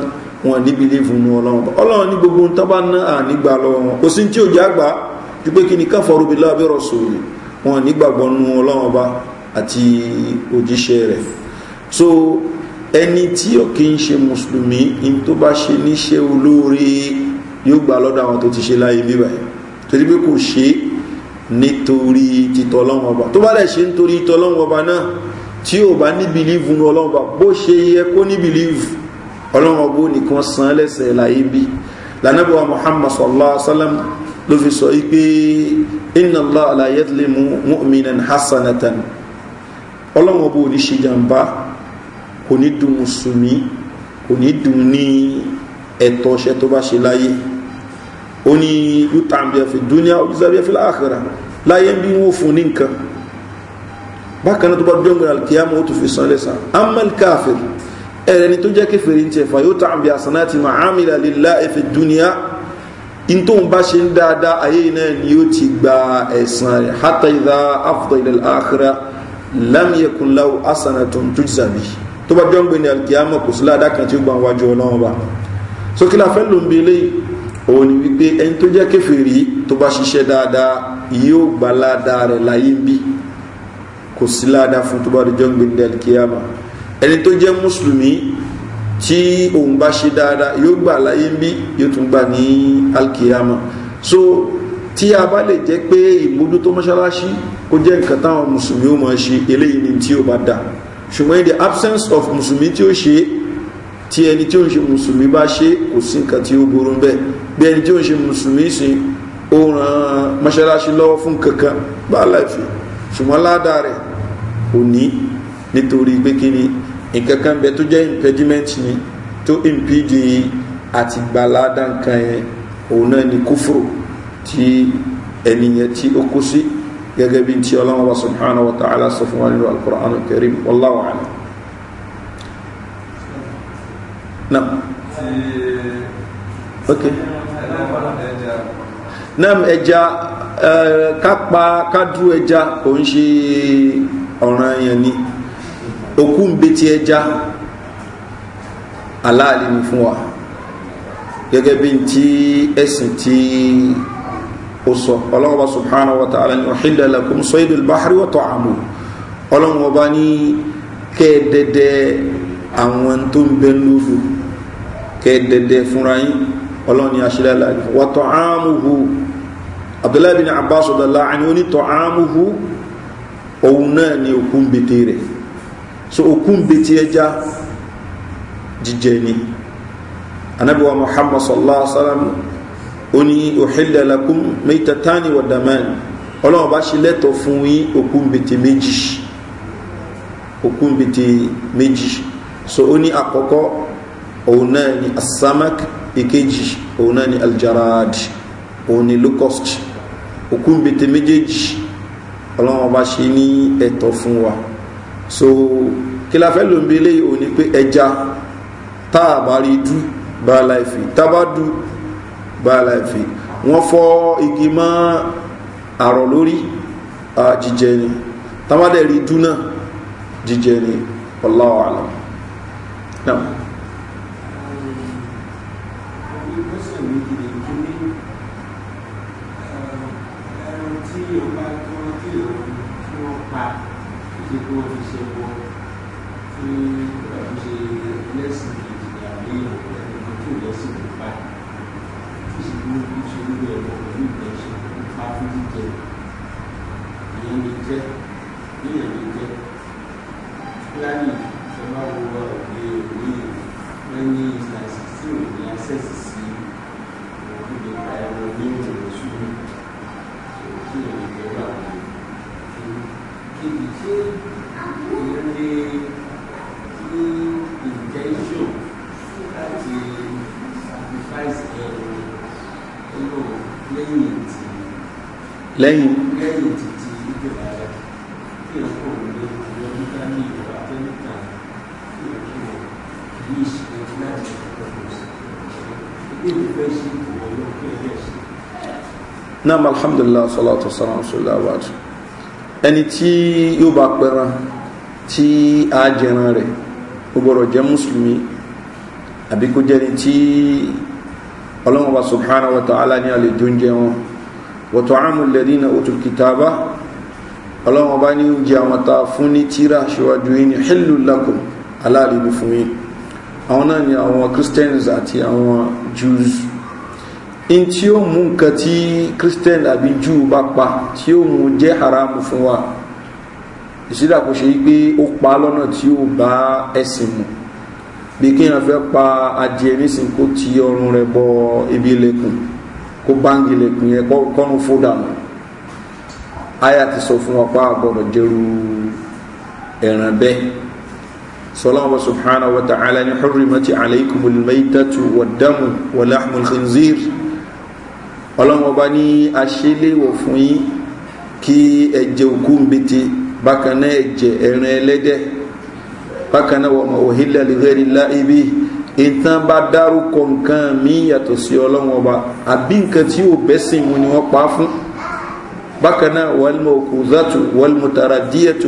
wọn ní bílíìfù nu ọlọ́run ọlọ́run ní gbogbo tó bá ná ànígbà lọ́wọ́ wọn kò sí tí ò jágbá ju pé kí ni káfọ́rú bí lábẹ́ rọ̀sùlù wọn nígbàgbọ́ nu ọlọ́run ọba àti òjíṣẹ́ rẹ̀ so ẹni tí ò kí ń ṣe mùsùlùmí in tó bá ṣe níṣẹ́ olóore yóò gbà lọ́dọ̀ àwọn tó ti ṣe láyé bíbáyìí torí pé kò ṣe nítorí títọ́ ọlọ́run ọba tó bá dẹ̀ ṣe nítorí títọ́ ọlọ́run ọba náà tí ò bá ní bìlíìfù ní ọlọ́run ọba bó ṣe yẹ kó ní bìlíìfù ọlọ́run ọba ó nìkan san lẹ́sẹ̀ láyé bí lànàbíwá muhammad sallallahu alaihi wa sallam ló fi sọ wípé iná lọ àlàyédìlẹ mọ́mìnà hasanatan ọlọ́wọ́n bó ní ṣe jàǹbá kò ní dùn mùsùlùmí kò ní dùn ní ẹ̀tọ́ ṣe tó bá ṣe láyé ó ní yútàmbíà fi dúníà òjísàbíà fi láàkàrà láyé bí wọ́n fún ní nǹkan bákan náà tó bá dọ́ngbọ̀n alkiyama ó tún fi san lẹ́sàn amal káfir ẹ̀rẹni tó jẹ́ kéfèrè ń tẹ̀fà yóò tàbí àsanáti ma àmìlà lílá ẹ̀fẹ̀ dúníà in tó ń bá ṣe ń dáadáa ayé náà ni yóò ti gba ẹ̀sán rẹ̀ hátà ìdá afdọ̀ ilẹ̀ àkàrà lámìyẹkùn láwù asànà tó ń tó zàbí tó bá jọ́ngbé ní alkiyama kò sí ládàá kan tí ó gbà wájú ọlọ́wọ́ bá so kí la fẹ́ òun ni wípé ẹni tó jẹ́ kèfèrí tó bá ṣiṣẹ́ dáadáa yóò gba ládàá rẹ̀ láyé ń bí kò sí ládàá fún tó bá dọjọ́ ń kíyàmà ẹni tó jẹ́ mùsùlùmí tí òun bá ṣe dáadáa yóò gbà láyé ń bí yóò tún gbà ní alkiyama so tí a bá lè jẹ́ pé ìmójútó mọ́ṣáláṣí kó jẹ́ nǹkan táwọn mùsùlùmí ó máa ṣe eléyìí ni tí ó bá dà ṣùgbọ́n in the absence of mùsùlùmí tí ó ṣe tí ẹni tí ó ń ṣe mùsùlùmí bá ṣe kò sí nǹkan tí ó burú bẹ́ẹ̀ bí ẹni tí ó ń ṣe mùsùlùmí sí ó ràn mọ́ṣáláṣí lọ́wọ́ fún kankan bá láìfi ṣùgbọ́n ládàá rẹ̀ ò ní nítorí pé kí ni nǹkan kan bẹ tó jẹ́ impediment ni tó impede àti gbalada nǹkan yẹn òun náà ni kúfùrù tí ẹnìyẹn tí ó kú sí gẹ́gẹ́ bí ti ọlọ́run wa subhanahu wa ta'ala sọ fún wa nínú al-Qur'an al-Karim wallahu a'lam. Naam. Okay nam ẹja kápá kádú ẹja kò ń ṣe ọ̀ràn yẹn ni òkú ń betí ẹja aláàlì ni fún wa gẹ́gẹ́ bí ti ẹ̀sìn tí ó sọ ọlọ́run ọba subhanahu wa ta'ala ni ọ̀hìnlẹ̀ lakum saydul bahri wa ta'amu ọlọ́run ọba ní kẹ́ẹ̀dẹ́dẹ́ àwọn tó ń bẹ lódò kẹ́ẹ̀dẹ́dẹ́ fúnra yín ọlọ́run ni aṣílẹ̀ láàrin wa ta'amuhu abdullahi bin abbas ọ̀dọ̀lá àni ó ní tọ̀ámuhu òun náà ni òkun bètè rẹ̀ so òkun bètè ẹja jíjẹ ni anabiwa muhammad sallallahu alaihi wa sallam ó ní òhìlẹ̀ lakum mẹ́tẹ̀tání wà dàmán ọlọ́run bá ṣe lẹ́tọ̀ fún yín òkun bètè méjì òkun bètè méjì so ó ní àkọ́kọ́ ni asamak ìkejì òun ni aljarad òun locust òkú ń bete méjèèjì ọlọ́run ọba ṣe ní ẹ̀tọ́ fún wa so kí la fẹ́ ló ń bi eléyìí òní pé ẹja tá a bá rí dú bá a láì a bá dú bá a láì wọ́n fọ́ igi mọ́ àrọ̀ lórí jíjẹ ni tá a bá dẹ̀ rí dú náà jíjẹ ni ọláwàlá náà. lẹ́yìn naam alhamdulilah salatu wasalam rasulillah waati ẹni tí yóò bá pẹran tí a jẹran rẹ̀ ó gbọ́dọ̀ jẹ́ mùsùlùmí àbí kó jẹ́ni tí ọlọ́mọba subhanahu wa ta'ala ní àlejò ń jẹ wọn wọ̀tọ̀ámù lẹ́dínà òtún kìtàbá ọlọ́wọ́n bá ní oúnjẹ àwọn ta fún ní tíra ṣíwájú yìí ní hìlù lakum aláàlìlú fún yìí àwọn náà ni àwọn christians àti àwọn jews in tí ó mú nǹkan tí christian àbí jew bá pa tí ó mú jẹ́ haramu fún wa ìsídà kò ṣe pé ó pa lọ́nà tí ó bá ẹ̀sìn mu bí kí èèyàn fẹ́ pa adìẹ nísìnyí ti ọrùn rẹ̀ bọ ibi lẹ́kùn kó báńgì lè pin yẹn kọ́nu fó dànù aya ti sọ fún wa pa àgbọ̀dọ̀ jẹ́rú ẹ̀ràn bẹ́ẹ̀ sọláwọ́ subhanahu wa ta'ala ni hurrimati alaykumul maytatu wad-damu wa lahmul khinzir ọlọ́wọ́ bá ní aṣẹ́léwọ̀ fún yín kí ẹ̀jẹ̀ òkú ń bìtì bákan náà ẹ̀jẹ̀ ẹ̀rìn ẹlẹ́dẹ̀ bákan náà wa ma uhilla li ghayri llahi ìtàn bá dárúkọ nǹkan míì yàtọ̀ sí ọlọ́wọ́n ọba àbí nǹkan tí yóò bẹ́sìn mu ni wọ́n pa fún bákan náà ha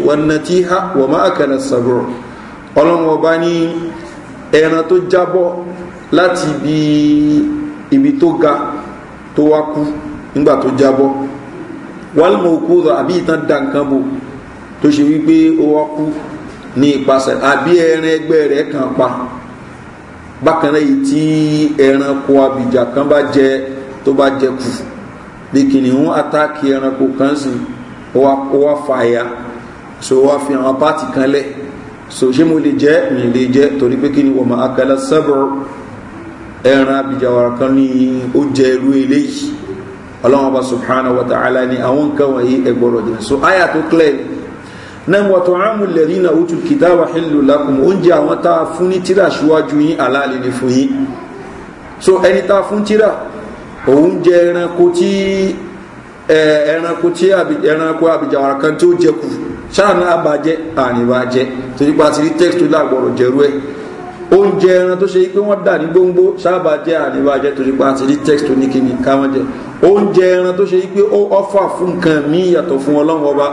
wọ́n máa kàlà sàbùrọ̀ ọlọ́wọ́n ọba ní ẹran tó jábọ́ láti ibi ibi tó ga tó wá kú nígbà tó jábọ́ wàlmọ̀ òkúzà àbí ìtàn dà nǹkan bò tó ṣe wípé ó wá kú ní ẹran ẹgbẹ́ rẹ̀ kan pa. bákan náà yìí tí ẹranko abìjà kan bá jẹ tó bá jẹ kù bí kìnìún àtàkì ẹranko kan sí ó wá fa ẹ̀yà so wá fi àwọn pàtì kan lẹ̀ so ṣé mo lè jẹ́ mi lè jẹ́ torí pé kí ni wọ́n máa akala sábọ̀rọ̀ ẹran abìjà wàrà kan ní ó jẹ irú eléyìí ọlọ́wọ́n bá subhanahu wa ta'ala ni àwọn nǹkan wọ̀nyí ẹgbọ́rọ̀ jẹ́ so àyà tó clear náà wàtò àmú lẹ́rí náà òtù kìtàbà hìlù lákùn oúnjẹ àwọn tá a fún ní tíra ṣíwájú yín aláàlè ní fún yín so ẹni tá a fún tíra òun jẹ ẹranko tí ẹranko tí ẹranko àbìjàwara kan tí ó jẹ kù ṣáàna àbàjẹ àníbàjẹ torí pa ti rí text tó lágbọ̀rọ̀ jẹ̀rú ẹ oúnjẹ ẹran tó ṣe pé wọ́n dà ní gbóngbó ṣáàbàjẹ àníbàjẹ torí pa ti rí text tó ní kíni káwọn jẹ oúnjẹ ẹran tó ṣe pé ó ọfà fún nǹkan míì yàtọ̀ fún ọlọ́run ọba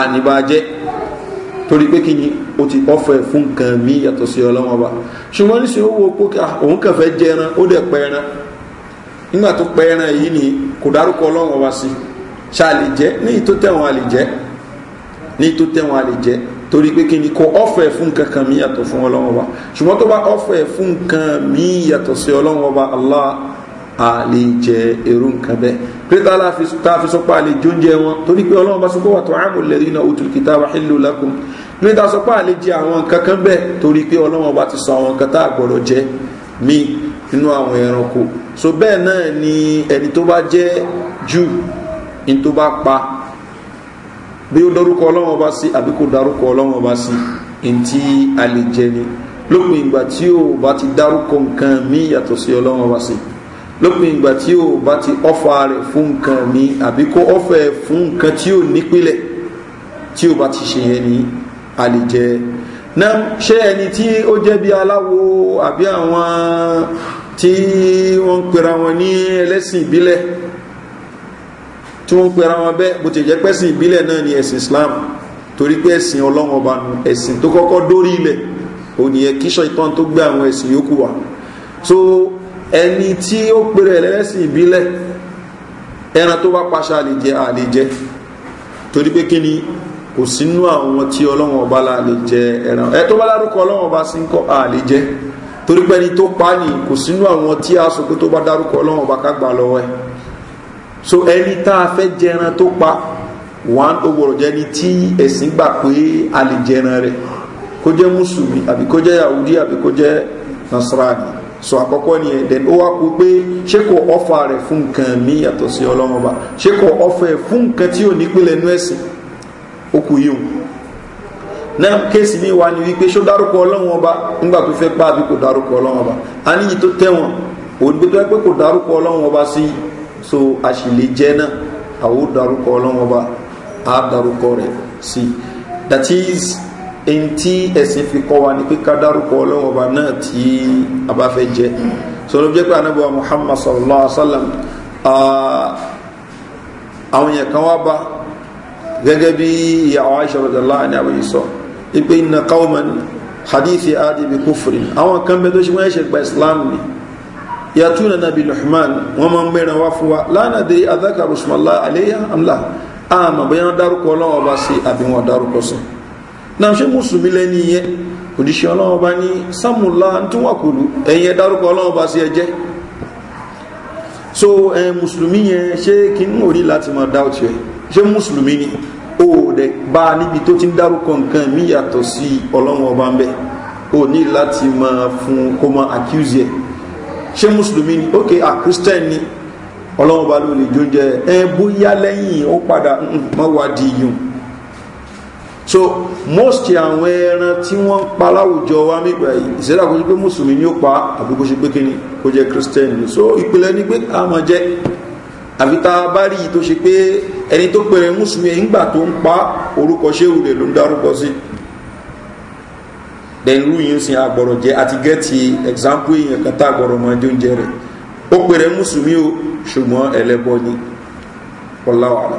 àníbàjẹ torí pé kí ni o ti ọ̀fẹ́ fún nǹkan mi yàtọ̀ sí ọlọ́run ọba ṣùgbọ́n ní sinwó wo pókè òun kàn fẹ́ jẹran ó dẹ̀ pẹran nígbà tó pẹran yìí ni kò dárúkọ ọlọ́run ọba sí ṣáàlì jẹ́ ní ìtó tẹ̀wọ̀n àlè jẹ́ ní ìtó tẹ̀wọ̀n àlè jẹ́ torí pé kí ni kò ọ̀fẹ́ fún nǹkan kan mi yàtọ̀ fún ọlọ́run ọba ṣùgbọ́n tó bá ọ̀fẹ́ fún nǹkan mi yàtọ̀ sí ọlọ́run ọba Allah a lè jẹ irú nǹkan bẹ́ẹ̀ pété aláfi sọ pé a lè jóúnjẹ wọn torí pé ọlọ́run bá sọ pé wà tó àmú lẹ́rìí náà òtún kìtà wà hílò lákùn pété a sọ pé a lè jẹ àwọn nǹkan kan bẹ́ẹ̀ torí pé ọlọ́run bá ti sọ àwọn nǹkan tá a gbọ́dọ̀ jẹ mí nínú àwọn ẹranko so bẹ́ẹ̀ náà ni ẹni tó bá jẹ́ jù ní tó bá pa bí ó darúkọ ọlọ́run ọba sí àbí kò darúkọ ọlọ́run ọba sí ntí a jẹ ni lópin ìgbà tí ó bá ti darúkọ nǹkan mí yàtọ̀ sí ọlọ́run ọba sí lópin ìgbà tí o bá ti ọfà rẹ̀ fún nǹkan mi àbí kó ọfà ẹ̀ fún nǹkan tí o nípìlẹ̀ tí o bá ti ṣe yẹn ní àlejẹ náà ṣé ẹni tí ó jẹ́ bí aláwo àbí àwọn tí wọ́n ń pera wọn ní ẹlẹ́sìn ìbílẹ̀ tí wọ́n ń pera wọn bẹ́ẹ̀ bó ti jẹ́ pẹ́sìn ìbílẹ̀ náà ni ẹ̀sìn Islam torí pé ẹ̀sìn ọlọ́wọ́n ọba nu ẹ̀sìn tó kọ́kọ́ dórí ilẹ̀ òní ẹ̀ kíṣọ́ ìtàn tó gbé àwọn ẹ̀sìn yòókù wá so ẹni tí ó pèrè ẹlẹ́sìn ìbílẹ̀ ẹran tó bá paṣẹ àlejẹ àlejẹ torí pé kí ni kò sínú àwọn tí ọlọ́wọ̀n ọba la lè jẹ ẹran ẹ tó bá dárúkọ ọlọ́wọ̀n ọba sí ń kọ́ àlejẹ torí pé ẹni tó pa ni kò sínú àwọn tí a sọ pé tó bá dárúkọ ọlọ́wọ̀n ọba ká lọ́wọ́ ẹ so ẹni tá a fẹ́ jẹran tó pa wọn ó wọ̀rọ̀ jẹ́ ni tí ẹ̀sìn gbà pé a lè jẹran kó jẹ́ mùsùlùmí àbí kó jẹ́ yahudi àbí kó jẹ́ nasarani so àkọ́kọ́ ni ẹ̀ then ó wá kú pé ṣé kò ọ́fà rẹ̀ fún mi yàtọ̀ sí ọlọ́run ọba ṣé kò ọ́fà ẹ̀ fún nǹkan tí ò ní pínlẹ̀ inú ẹ̀sìn mi wá ní wípé ṣó dárúkọ ọlọ́run ọba nígbà tó fẹ́ pa àbí kò dárúkọ ọlọ́run ọba a níyì tó tẹ̀wọ̀n òdìgbò tó yẹ pé kò dárúkọ ọlọ́run ọba sí so a sì lè jẹ́ náà àwọn ó dárúkọ ọlọ́run èyí tí ẹ̀sìn fi kọ́ wa ní kíkà dárúkọ ọlọ́wọ́ ọba náà tí a bá fẹ́ jẹ sọlọ́ jẹ́ pé anábọ̀ muhammad sallallahu alaihi wa sallam àwọn yẹn kan wá bá gẹ́gẹ́ bí ìyàwó aisha radallahu anha àbẹ̀yẹ sọ ipe ina qauman hadithi adi bi kufri àwọn kan bẹ tó ṣe wọ́n islam ni yàtúnà nabi luhman wọ́n máa ń mẹ́rin wá fún wa lánàá dé adhakaru ismallah alayya amla àmà bóyá dárúkọ ọlọ́wọ́ ọba sí àbí wọn dárúkọ sọ náà ṣe mùsùlùmí lẹ́ni yẹn òdìṣẹ́ ọlọ́run bá ní sámùlá tí wà kùlù ẹ̀yìn ẹ̀dárúkọ ọlọ́run bá sí ẹjẹ́ so ẹ mùsùlùmí yẹn ṣé kí n ò ní láti máa dá ọtí ẹ ṣé mùsùlùmí ni ó dẹ bá a níbi tó ti ń dárúkọ nǹkan mí yàtọ̀ sí ọlọ́run ń bẹ ó ní láti máa fún kó máa accuse ẹ ṣé mùsùlùmí ni ok a christian ni ọlọ́run ọba ló lè jóúnjẹ ẹ bóyá lẹ́yìn ó padà máa yùn so most àwọn ẹran tí wọ́n ń pa láwùjọ wa nígbà ìṣẹ́lá kò ṣe pé mùsùlùmí ni ó pa àbí kò ṣe pé kíni kò jẹ́ kírísítẹ́nì so ìpìlẹ̀ ni pé a máa jẹ́ àfi tá a bá rí i tó ṣe pé ẹni tó pèrè mùsùlùmí ìgbà tó ń pa orúkọ ṣéwù rẹ̀ ló ń dárúkọ sí then irú yìí ń sin àgbọ̀rọ̀ jẹ́ àti gẹ́ẹ̀tì example èèyàn kan tá àgbọ̀rọ̀ mọ́ ẹjọ́ ń jẹ rẹ̀ ó pèrè mùsùlùmí o ṣùgbọ́n ẹlẹ́bọ ni ọláwàlá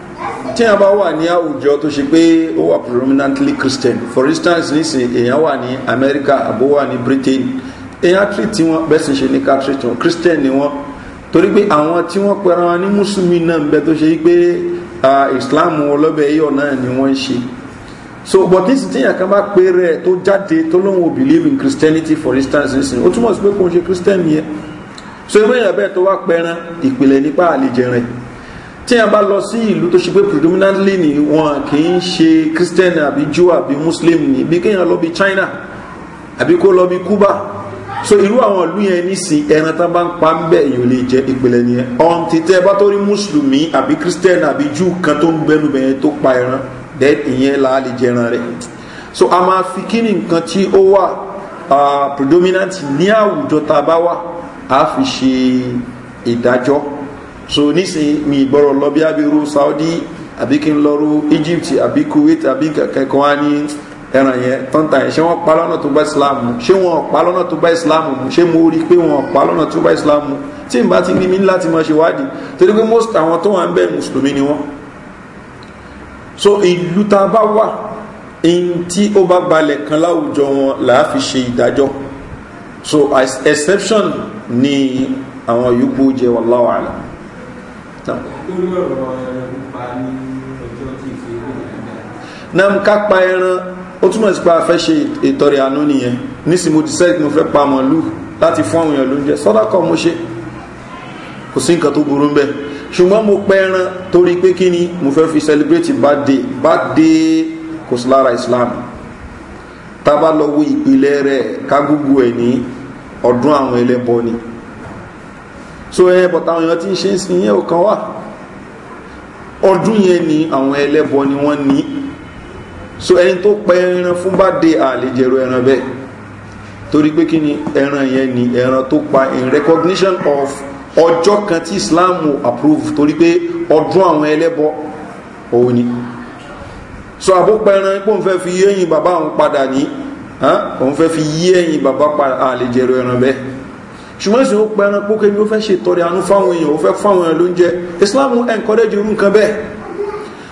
tí a bá wà ní àwùjọ tó ṣe pé ó wà predominantly christian for instance nísìn èèyàn wà ní america àbó wà ní britain èèyàn treat wọn bẹ́sìn ṣe ní ká treat wọn christian ni wọn torí pé àwọn tí wọ́n pẹ̀rọ wọn ní mùsùlùmí náà ń bẹ tó ṣe pé islam ọlọ́bẹ̀ yíyọ náà ni wọ́n ń ṣe so but nísìn tí èèyàn kan bá pé rẹ̀ tó jáde tó lóun ò believe in christianity for instance nísìn ó túmọ̀ sí pé kò ń ṣe christian yẹn so ewé èèyàn bẹ́ẹ̀ tó wá pẹran ìpìlẹ̀ nípa àlejẹ̀rẹ̀ tí a bá lọ sí ìlú tó ṣe pé predominantly ni wọn kì í ṣe christian àbí jew àbí muslim ni bí kéèyàn lọ bí china àbí kó lọ bí cuba so irú àwọn ìlú yẹn nísìn ẹran tá bá ń pa ń bẹ èèyàn lè jẹ ìpìlẹ̀ nìyẹn ọ̀n ti tẹ́ bá tó rí mùsùlùmí àbí christian àbí jew kan tó ń bẹnu bẹ̀yẹn tó pa ẹran then ìyẹn là á lè jẹran rẹ̀ so a máa fi kí ni nǹkan tí ó wà predominant ní àwùjọ tá a bá wà á fi ṣe ìdájọ́ so nísìn mi ìgbọ́rọ̀ lọ bí abirú saudi àbí kí n lọ́rú egypt àbí kuwait àbí kẹ̀kẹ́ kan á ní ẹran yẹn tọ́ntà yẹn ṣé wọ́n pa lọ́nà tó bá islam mu ṣé wọ́n pa lọ́nà tó bá islam mu ṣé mo rí i pé wọ́n pa tó bá islam tí n bá ti ní mi láti máa ṣe wádìí torí pé most àwọn tó wà ń bẹ́ mùsùlùmí ni wọ́n so ìlú tá a bá wà in tí ó bá balẹ̀ kan láwùjọ wọn làá fi ṣe ìdájọ́ so as exception ni àwọn yòókù jẹ́ wàláwàlá nam ká pa ẹran ó túmọ̀ sí pé a fẹ́ ṣe ìtọrẹ àánú nìyẹn nísìnyí mo decide mo fẹ́ pa màálù láti fún àwọn èèyàn lóúnjẹ sọ́dákọ̀ mo ṣe kò sí nǹkan tó burú bẹ́ẹ̀ ṣùgbọ́n mo pẹ́ ẹran torí pé kí ni mo fẹ́ fi celebrate birthday birthday kò sí lára islam tá a bá lọ wo ìpìlẹ̀ rẹ̀ ká gbogbo ẹ̀ ní ọdún àwọn ẹlẹ́bọ ni so ẹ eh, bọ̀tà àwọn èèyàn tí ń ṣe ń sin yẹn ò kan wà ọdún yẹn ni àwọn ẹlẹ́bọ ni wọ́n ní so ẹni tó pa ẹran fún bá dé àlejẹ̀rọ ẹran bẹ́ẹ̀ torí pé kí ni ẹran yẹn ni ẹran tó pa in recognition of ọjọ́ kan tí islam approve torí pé ọdún àwọn ẹlẹ́bọ òun ni so àbúpẹ ẹran pé òun fẹ́ fi yé ẹyin bàbá òun padà ní òun fẹ́ fi yé bàbá àlejẹ̀rọ ẹran bẹ́ẹ̀ ṣùgbọ́n sì ń pẹran pókè ní ó fẹ́ ṣètọrẹ àánú fáwọn èèyàn ó fẹ́ fáwọn èèyàn ló ń jẹ islam encourage irú nǹkan bẹ́ẹ̀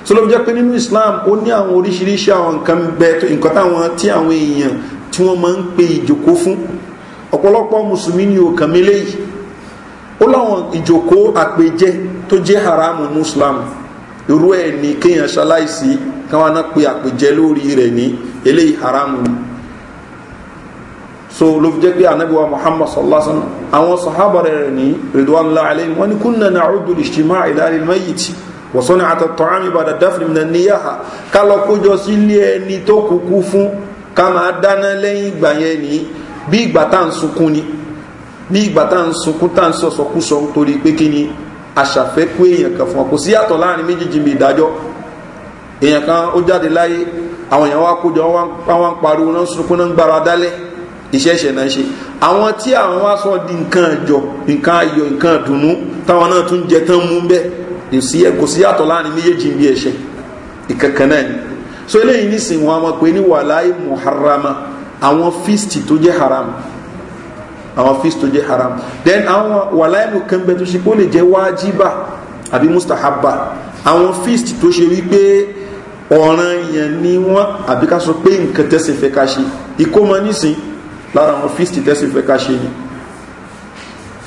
so ló fi jẹ́ pé nínú islam ó ní àwọn oríṣiríṣi àwọn nǹkan bẹ nǹkan táwọn tí àwọn èèyàn tí wọ́n máa ń pe ìjòkó fún ọ̀pọ̀lọpọ̀ mùsùlùmí ni ò kàn mí léyìí ó láwọn ìjòkó àpèjẹ tó jẹ́ haramu ní irú ẹ̀ ní kéèyàn ṣaláìsí káwọn náà pe àpèjẹ lórí rẹ̀ ní eléyìí haramu ni so ló fi jẹ́ pé anabiwa muhammad sallallahu alaihi wa sallam àwọn sahaba rẹ̀ ní ridwanullah alayhim wọn ni kunna na'udu lijtimaa ila almayiti wa san'at at-ta'am ba'da dafni min an-niyaha ká lọ kójọ sí ilé ẹni tó kúkú fún ká máa dáná lẹ́yìn ìgbà yẹn ní bí ìgbà tá à ń sunkún ni bí ìgbà tá à ń sunkún tá à ń sọ̀sọ̀kúsọ torí pé kí ni aṣàfẹ́kù èèyàn kan fún wa kò sí yàtọ̀ láàrin méjèèjì mi ìdájọ́ èèyàn kan ó jáde láyé àwọn èèyàn wá kójọ wọn wá ń pariwo náà sunkún náà ń gbára dálẹ́ ìṣẹ́ṣẹ́ náà ṣe àwọn tí àwọn wá sọ di nǹkan àjọ nǹkan ayọ̀ nǹkan dùnú táwọn náà tún jẹ tán mú bẹ́ẹ̀ kò sí yàtọ̀ láàrin méjèèjì bí ẹ̀ṣẹ̀ ìkankan náà ni so eléyìí nísìnyí wọn a máa pè ní wàláì muharama àwọn feast tó jẹ́ haram àwọn feast tó jẹ́ haram then àwọn wàláì mukanbẹ tó ṣe kó lè jẹ́ wájíbà àbí mustahaba àwọn feast tó ṣe wípé ọ̀ràn yẹn ni wọ́n àbí ká pé nǹkan tẹ́sẹ̀ fẹ́ ká ṣe ìkómọ nísìnyí lára àwọn fíìsì tẹ́sìn fẹ́ ká ṣe ni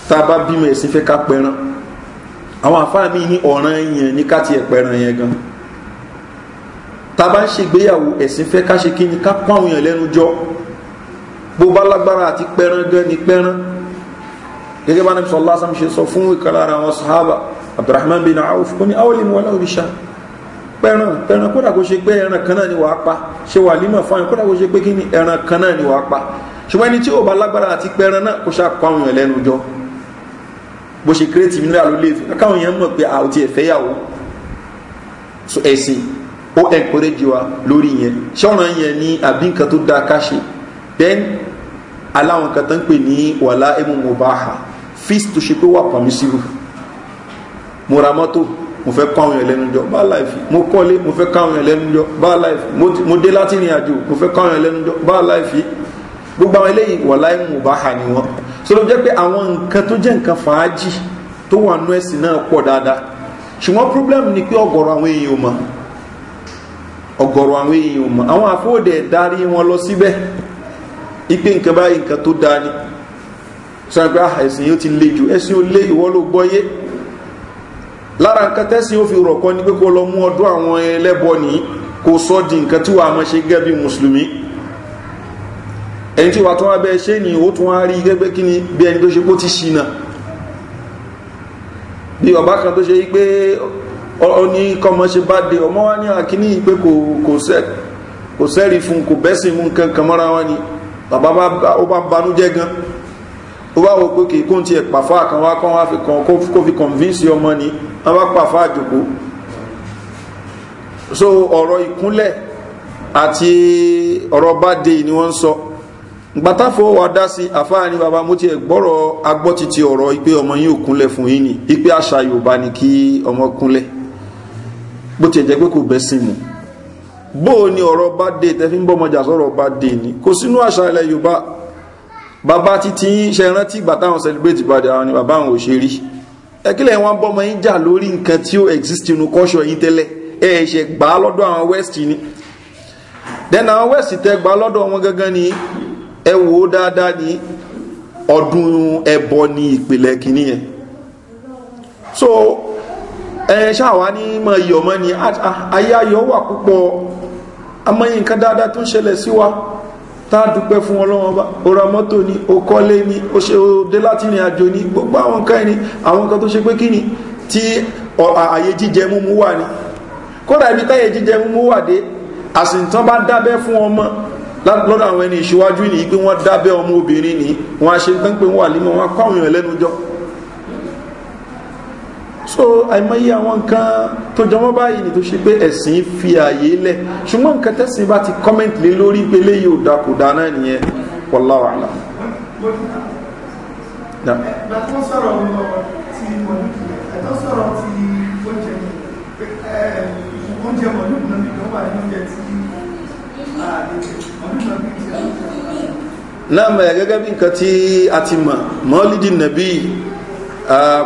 tá a bá bímọ ẹ̀sìn fẹ́ ká pẹran àwọn àfáà mi ní ọ̀ràn yẹn ní ká tiẹ̀ pẹran yẹn gan tá a bá ń ṣègbéyàwó ẹ̀sìn fẹ́ ká ṣe kí ni ká pọ́n àwọn èèyàn lẹ́nu jọ bó bá lágbára àti pẹran gan ni pẹran gẹ́gẹ́ bá ní sọ lásán ṣe sọ fún ìkan lára àwọn sahaba abdulrahman bin awf kò ní awolin wọlé oríṣà pẹran pẹran kódà kó ṣe pé ẹran kan náà ni wàá pa ṣe wà límọ̀ fáyín ṣùgbọ́n ẹni tí ò bá lágbára àti pẹran náà kó ṣàkó àwọn èèyàn lẹ́nu jọ bó ṣe kéré tìmí náà lè fi káwọn èèyàn mọ̀ pé àwọn ti ẹ̀fẹ́ yàwó so ẹ̀sìn ó encourage wa lórí yẹn ṣọ́ran yẹn ní àbí nǹkan tó dáa ká ṣe then aláwọn kan tó ń pè ní wàhálà ẹ̀mú mọ̀báhà fees tó ṣe pé wà permissible mo ra mọ́tò mo fẹ́ kọ́ àwọn èèyàn lẹ́nu jọ bá láìfi mo kọ́lé mo fẹ́ kọ́ èèyàn lẹ́nu jọ bá láìfi mo dé láti àjò mo fẹ́ kọ́ èèyàn lẹ́nu jọ bá láìfi gbogbo àwọn eléyìí wàláì mùbáhà ni wọ́n so ló jẹ́ pé àwọn nǹkan tó jẹ́ nǹkan fàájì tó wà nú ẹ̀sìn náà pọ̀ dáadáa ṣùgbọ́n problem ni pé ọ̀gọ̀rọ̀ àwọn èèyàn mọ̀ ọ̀gọ̀rọ̀ àwọn èèyàn mọ̀ àwọn àfóòdẹ̀ darí wọn lọ síbẹ̀ ipe nǹkan báyìí nǹkan tó dáa ni sọ pé ah, ẹ̀sìn yóò ti le jù ẹ̀sìn ó lé ìwọ́ ló gbọ́yé lára nǹkan tẹ́sìn ó fi rọ̀ ni pé kó lọ mú ọdún àwọn ẹlẹ́bọ nìyí kó sọ́ di nǹkan tí wàá máa ṣe gẹ́gẹ́ bí mùsùlùmí ẹni tí wà tó wá bẹ́ẹ̀ ṣe ni ó tún wá rí gẹ́gẹ́ kí ni bí ẹni tó ṣe pó ti ṣìnà bí ọba kan tó ṣe yí pé ó ní kọmọ ṣe bá de ọmọ wá ní àkíní pé kò sẹ́rí fún kò bẹ́sìn mú nǹkan kan mọ́ra wá ni bàbá ó bá banújẹ́ gan ó bá wo pé kìí kún ti ẹ̀ pàfá kan wá kán wá kó fi convince ọmọ ni wọ́n bá pàfá àjòkó so ọ̀rọ̀ ìkúnlẹ̀ àti ọ̀rọ̀ bá de ni wọ́n ń sọ so, gbàtàfọ́ wa dá sí àfáàní bàbá mo ti gbọ́rọ̀ agbọ́ títí ọ̀rọ̀ ipe ọmọ yìí ò kúnlẹ̀ fún yín ni ipe àṣà yorùbá ni kí ọmọ kúnlẹ̀ bó ti jẹ́ pé kò bẹ́ sí mu bó o ní ọ̀rọ̀ bá dé tẹ́fí ń bọ́mọjà sọ̀rọ̀ bá dé ni kò sínú àṣà ilẹ̀ yorùbá bàbá títí ṣe rántí ìgbà celebrate bá àwọn ni baba àwọn ò ṣe rí ẹkílẹ̀ wọn bọ́mọ yín jà lórí nǹkan tí ó exist inú kọ́ṣọ́ yín tẹ́lẹ̀ ẹ̀ ṣe gbà á lọ́dọ̀ àwọn west ni then àwọn west tẹ gbà lọ́dọ̀ wọn gangan ni ẹ wò ó dáadáa ní ọdún ẹbọ ní ìpìlẹ̀ kìíní yẹn so ẹ ṣáàwá ní mọ iyọ̀ mọ́ ni ayé ayọ̀ wà púpọ̀ amọ́yìn nǹkan dáadáa tó ń ṣẹlẹ̀ sí wa tá a dúpẹ́ fún ọlọ́wọ́n bá ó ra mọ́tò ni ó kọ́lé ni ó ṣe ó dé láti ìrìn àjò ni gbogbo àwọn nǹkan ẹni àwọn nǹkan tó ṣe pé kíni tí ààyè jíjẹ múmú wà ni kódà ibi táyè jíjẹ múmú wà dé àsìntán bá dábẹ́ fún ọmọ lọ́dọ̀ àwọn ẹni ìṣíwájú nìyí pé wọ́n dábẹ́ ọmọ obìnrin ni wọ́n a ṣe tán pé wọ́n àlímọ̀ wọ́n kọ́ àwọn èèyàn lẹ́nu jọ so àìmọye àwọn nǹkan tó jọmọ́ báyìí ni tó ṣe pé ẹ̀sìn fi ààyè lẹ̀ ṣùgbọ́n nǹkan tẹ́sìn bá ti kọ́mẹ́ǹtì lé lórí pé léyìí ò da kò da náà nìyẹn wọ́lá wàhálà. oúnjẹ mọ̀lúù náà nìkan wà ní oúnjẹ náà mẹ eh, gẹ́gẹ́ bí nǹkan tí a ti mọ̀ mọ́lídì nàbí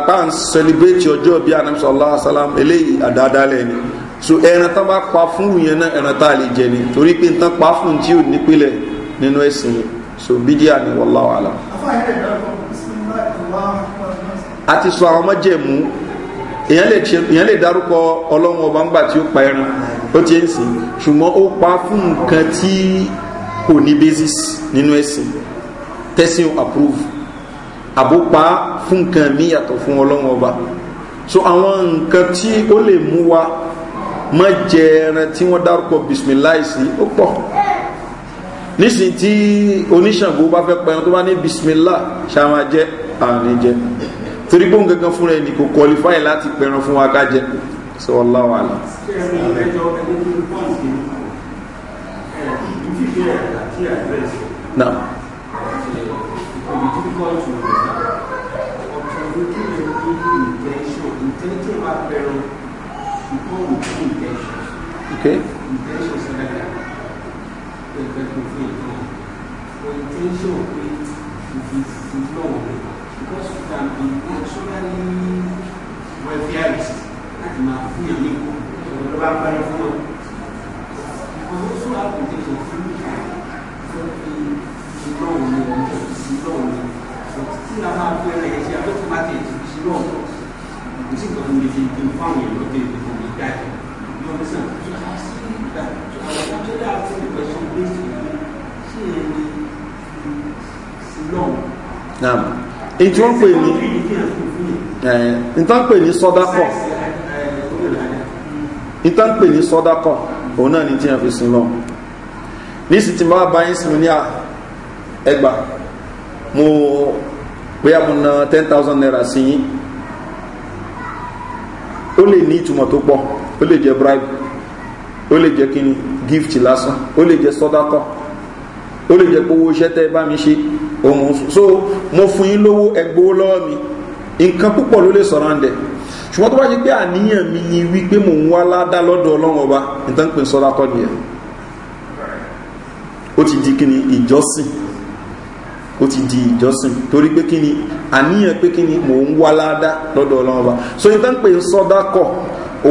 pan celebrate ọjọ́ bí anamsa allah salam eléyìí àdáadáa lẹ́ni so ẹran tán bá pa fún yẹn náà ẹran tá a lè jẹ ni torí pé tán pa fún tí ò nípìnlẹ̀ nínú ẹ̀sìn yẹn so bídíà ni wàllá wàhálà. a ti sọ àwọn ọmọjẹ̀mú èèyàn lè dárúkọ ọlọ́run ọba ńgbà tí ó pa ẹran ó ti ń sìn ṣùgbọ́n ó pa fún nǹkan tí kò ní basis nínú ẹ̀sìn tẹ́sìn approve àbópa fún nǹkan mi yàtọ̀ fún ọlọ́run ọba so àwọn nǹkan tí ó lè mú wa má jẹ ẹran tí wọ́n dárúkọ bisimilayi sí ó pọ̀ nísìnyí tí oníṣàngó bá fẹ́ pẹ́ran tó bá ní bisimilá ṣáwọn jẹ́ àní jẹ́ torí gbóhùn gangan fúnra ẹni kò qualify láti pẹran fún wa ká jẹ sọ ọláwàlá. ṣé ẹni see Okay. because you can be naturally welfarist tó ń eh, fi iná òun ní omi tó ti iná òun ní tí náà máa fi ẹrẹ ẹ̀ṣẹ̀ àtọ́tùmáàtì ìtìbísí náà kò sí nǹkan lè fi ìdí fáwọn èèyàn lóde ìdìbò ní ìdá ẹ̀ ní ọdún sàn tó ká sí ìgbà tó ká lọ́wọ́ tó dáa fún ìgbà tó gbé nísì tí máa bá yín sínú ní ẹgbà mo bóyá mo na ten thousand naira sí yín ó lè ní ìtumọ̀ tó pọ̀ ó lè jẹ́ bribe ó lè jẹ́ kíni gift lásán ó lè jẹ́ sọ́dátọ̀ ó lè jẹ́ owó iṣẹ́ tẹ́ bá mi ṣe òun so mo fún yín lówó ẹgbówó lọ́wọ́ mi nǹkan púpọ̀ ló lè sọ̀rọ̀ àǹdẹ̀ ṣùgbọ́n tó bá ṣe pé àníyàn mi ni wípé mò ń wá ládá lọ́dọ̀ ọlọ́run ọba nǹkan pè sọ́dátọ̀ nìyẹn ó ti di kíni ìjọsìn ó ti di ìjọsìn torí pé kíni àníyàn pé kíni mò ń wá ládá lọ́dọ̀ ọlọ́run ọba so ìtàn pé sọ́dákọ̀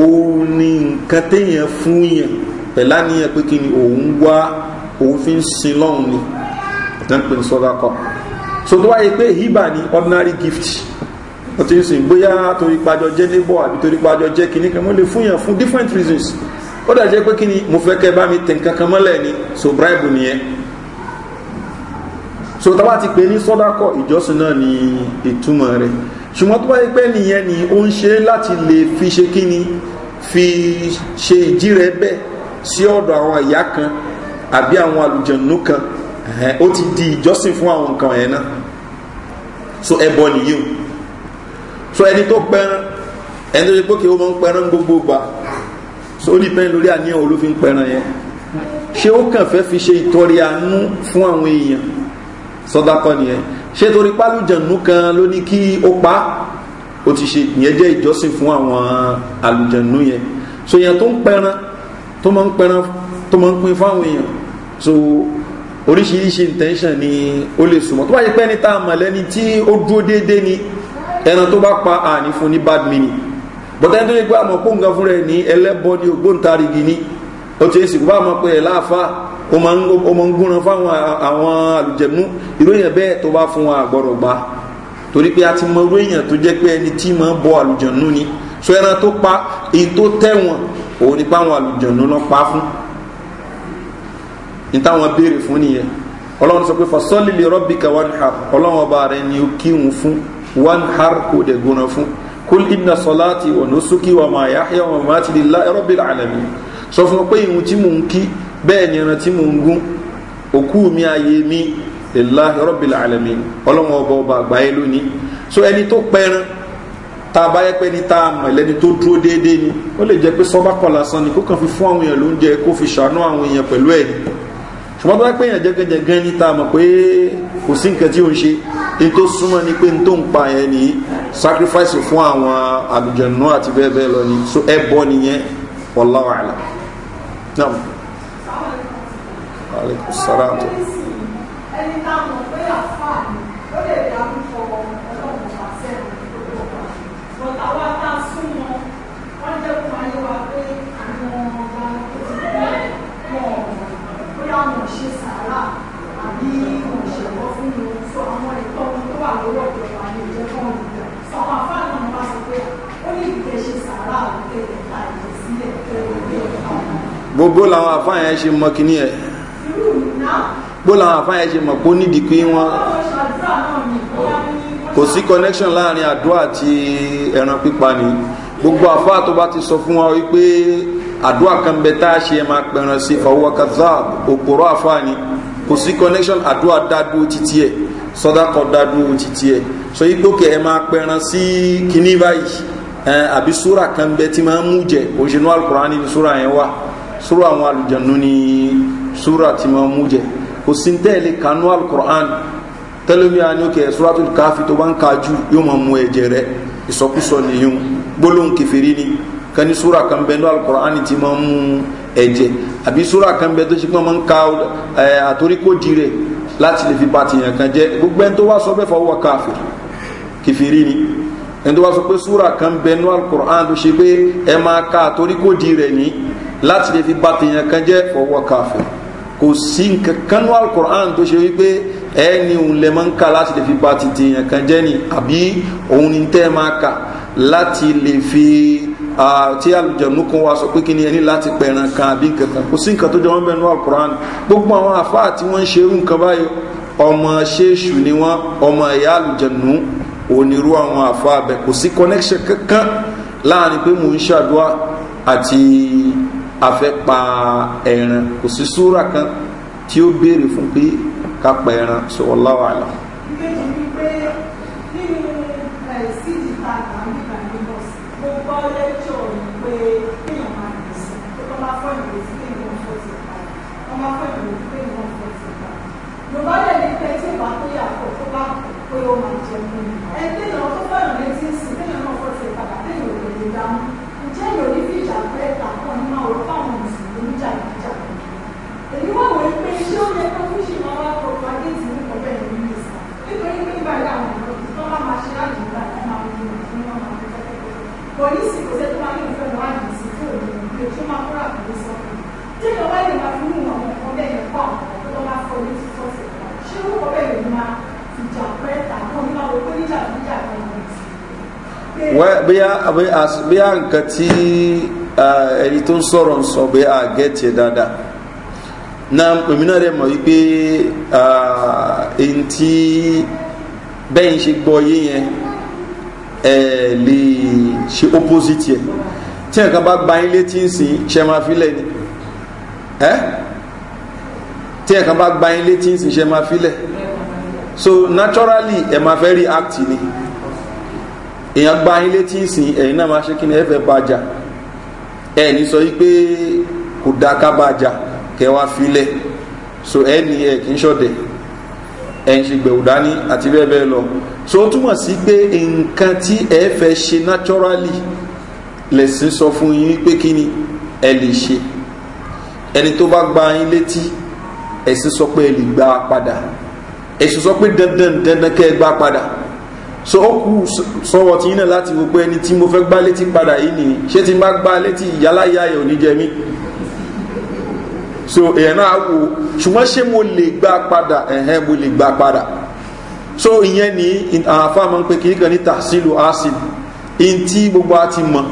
òun ni nǹkan téèyàn fún yàn pẹ̀lá níyàn pé kíni òun wá òun fi ń sin lọ́hùn ni ìtàn pé sọ́dákọ̀ so tó wáyé pé hibà ni ordinary gift wọ́n ti ń sìn bóyá torí pàjọ jẹ́ neighbor àbí torí pàjọ jẹ́ kíní kan wọ́n lè fún yàn fún different reasons ó dà jẹ́ pé kí ni mo fẹ́ kẹ́ bá mi tẹ̀ kan mọ́lẹ̀ ni so bribe nìyẹn so tá a bá ti pè ní sọ́dákọ̀ ìjọsìn náà ni ìtumọ̀ rẹ̀ ṣùgbọ́n tó bá yẹ pé nìyẹn ni ó ń ṣe láti lè fi ṣe kí ni fi ṣe ìjì rẹ̀ bẹ́ sí ọ̀dọ̀ àwọn ìyá kan àbí àwọn àlùjọ̀nù kan ó ti di ìjọsìn fún àwọn nǹkan yẹn náà so ẹbọ nìyí o so ẹni tó pẹran ẹni tó ṣe pé kí ó máa ń pẹran gbogbo gbà so ó dìpẹ́ lórí àníyàn olófin pẹran yẹn ṣé ó kàn fẹ́ fi ṣe ìtọrẹ àánú fún àwọn èèyàn sọdakọ nìyẹn ṣé torí pálùjànú kan ló ní kí ó pa ó ti ṣe ìyẹn jẹ́ ìjọsìn fún àwọn àlùjànú yẹn so yẹn tó ń pẹran tó máa ń pẹran tó máa ń pin fáwọn èèyàn so oríṣiríṣi intention ni ó lè súnmọ́ tó bá yẹ pé ẹni tá a mọ̀ lẹ́ni tí ó dúró déédéé ni ẹran tó bá pa àní fún ní bad meaning bọ́tẹ́ nítorí pé àmọ́ kó nǹkan fúnra ẹ̀ ní ẹlẹ́bọ ní ògbóǹtarìgì ni ó ti èsì kó bá àmọ́ pé ẹ̀ láàfa ó máa ń gúnran fáwọn àwọn àlùjẹ̀mú ìròyìn bẹ́ẹ̀ tó bá fún wa àgbọ̀rọ̀ gbà torí pé a ti mọ irú èèyàn tó jẹ́ pé ẹni tí máa ń bọ àlùjọ̀nú ni sọ ẹran tó pa èyí tó tẹ̀wọ̀n òun ni pé àwọn àlùjọ̀nú lọ pa fún ní táwọn béèrè fún nìyẹn ọlọ́run sọ pé fasọ́lì lè rọ́bìkà one har ọlọ́run ọba rẹ ni ó kírun fún one har kò dẹ̀ gbóná fún kul inna salati wa nusuki wa ma yahya wa mamati lillahi rabbil alamin sọ fún pé ìhun tí mò ń kí bẹ́ẹ̀ ni ẹran tí mò ń gún òkú mi ayé mi lillahi rabbil alamin ọlọ́run ọba ọba àgbáyé lónìí so ẹni tó pẹran tá a bá yẹ pé ní tá a mọ̀ lẹ́ni tó dúró déédéé ni ó lè jẹ́ pé sọ́bà kọ́ lásán ni kó kàn fi fún àwọn èèyàn lóúnjẹ kó fi ṣàánú àwọn èèyàn pẹ̀lú ẹ̀ ṣùgbọ́n tó bá pé jẹ́gẹ́jẹ́gẹ́ ní tá mọ̀ pé kò sí nǹkan tí ó ń ṣe ní tó súnmọ́ ni pé ní tó ń pa ẹ̀ nìyí sacrifice fún àwọn àlùjẹ̀nù àti bẹ́ẹ̀ bẹ́ẹ̀ lọ ni so ẹ bọ́ nìyẹn wallahu a'lam. naam aleykum salaam. gbogbo làwọn àfáà yẹn ṣe mọ kíní ẹ̀ gbogbo làwọn àfáà yẹn ṣe mọ̀ pé ó nídìí pé wọ́n kò sí connection láàrin àdúrà àti ẹran pípa ni gbogbo àfáà tó bá ti sọ fún wa wípé àdúrà kan bẹ tá a ṣe máa pẹran sí fàwọn kazab òpòrò àfáà ni kò sí connection àdúrà dádúró títí ẹ̀ sọdakọ dádúró títí ẹ̀ sọ yìí pé kẹ ẹ máa pẹran sí kíní báyìí àbí súrà kan bẹ tí máa ń mú jẹ òṣèlú alukurani ni súrà yẹn wà sura àwọn alùjẹ̀nu ni sura ti máa mú jẹ kò sí ní tẹ́lẹ̀ kanú alukur'an tẹ́lẹ̀mí a ní ó kẹ́ sura tó káfí tó bá ń ka jù yóò máa mú ẹ̀jẹ̀ rẹ ìsọkúsọ nìyẹn gbólóhùn kẹfẹ́rí ni kani sura kan bɛ no alukur'an ti máa mú ẹ̀jẹ̀ àbí sura kan bɛ tó ṣe pé máa ń ka àtoríkó dire láti lè fi ba tìyàn kan jẹ gbogbo ẹni tó wá sọ bẹ́ẹ̀ fọwọ́ káfí kẹfẹ́rí ni ẹni tó wá sọ pé sura kan bɛ no alukur'an tó ṣe pé ẹ máa ka àtoríkó dire ni láti lè fi bá tèèyàn kan jẹ́ fọwọ́ káfẹ́ kò sí nǹkan kanú alukur'an tó ṣe wípé ẹni òun lè máa ń kà láti lè fi bá tèèyàn kan jẹ́ ni àbí òun ni tẹ́ máa kà láti lè fi tí alùjẹ̀nu kan wá sọ pé kí ni ẹni láti pẹ̀ràn kan àbí nǹkan kan kò sí nǹkan tó jọ wọ́n bẹ̀rù alukur'an gbogbo àwọn àfáà tí wọ́n ń ṣe irú nǹkan báyìí ọmọ ṣéṣù ni wọ́n ọmọ ẹ̀yà alùjẹ̀nu onírú àwọn àfáà bẹ̀ kò sí connection kankan láàrin pé mò ń ṣàdúrà àti a fẹ́ pa ẹran kò sí súra kan tí ó béèrè fún pé ká pa ẹran sọ wallahu bóyá nǹkan tí ẹni tó ń sọ̀rọ̀ ń sọ bóyá àgẹ́tì dáadáa na èmi náà rẹ̀ mọ̀ wípé èyí tí bẹ́yìn ṣe gbọ́ yé yẹn ẹ̀ lè ṣe opposite yẹn tí ẹ̀kan bá gba ilé tí ń sìn ṣe máa filẹ̀ ni ẹ́ tí ẹ̀kan bá gba ilé tí ń sìn ṣe máa filẹ̀ so naturally ẹ̀ máa fẹ́ react ni èèyàn gba yín létí ìsìn ẹ̀yin náà máa ṣe kí ni ẹ fẹ́ bá jà ẹ ní sọ yí pé kò dá ká bá kẹ wá filẹ̀ so ẹ ní ẹ kì í ṣọ̀dẹ̀ ẹ ń ṣe gbẹ̀wò dání àti bẹ́ẹ̀ bẹ́ẹ̀ lọ so ó túmọ̀ sí pé nǹkan tí ẹ fẹ́ ṣe naturally lẹ̀sìn sọ fún yín pé kí ni ẹ lè ṣe ẹni tó bá gba yín létí ẹ̀sìn sọ pé ẹ lè gbà padà ẹ̀sìn sọ pé dandan dandan kẹ́ gbà padà so ó kú sọ́wọ́ tí yín náà láti gbogbo ẹni tí mo fẹ́ gbá létí padà yìí ni ṣé tí n gbá létí ìyáláyà ẹ̀ ò so èèyàn náà wò ṣùgbọ́n ṣé mo lè gbá padà ẹ̀hẹ́n mo lè gbá padà so ìyẹn ní àfáàmọ́ pé kìí kan ní tàṣílù ásìlù in tí gbogbo a ti mọ̀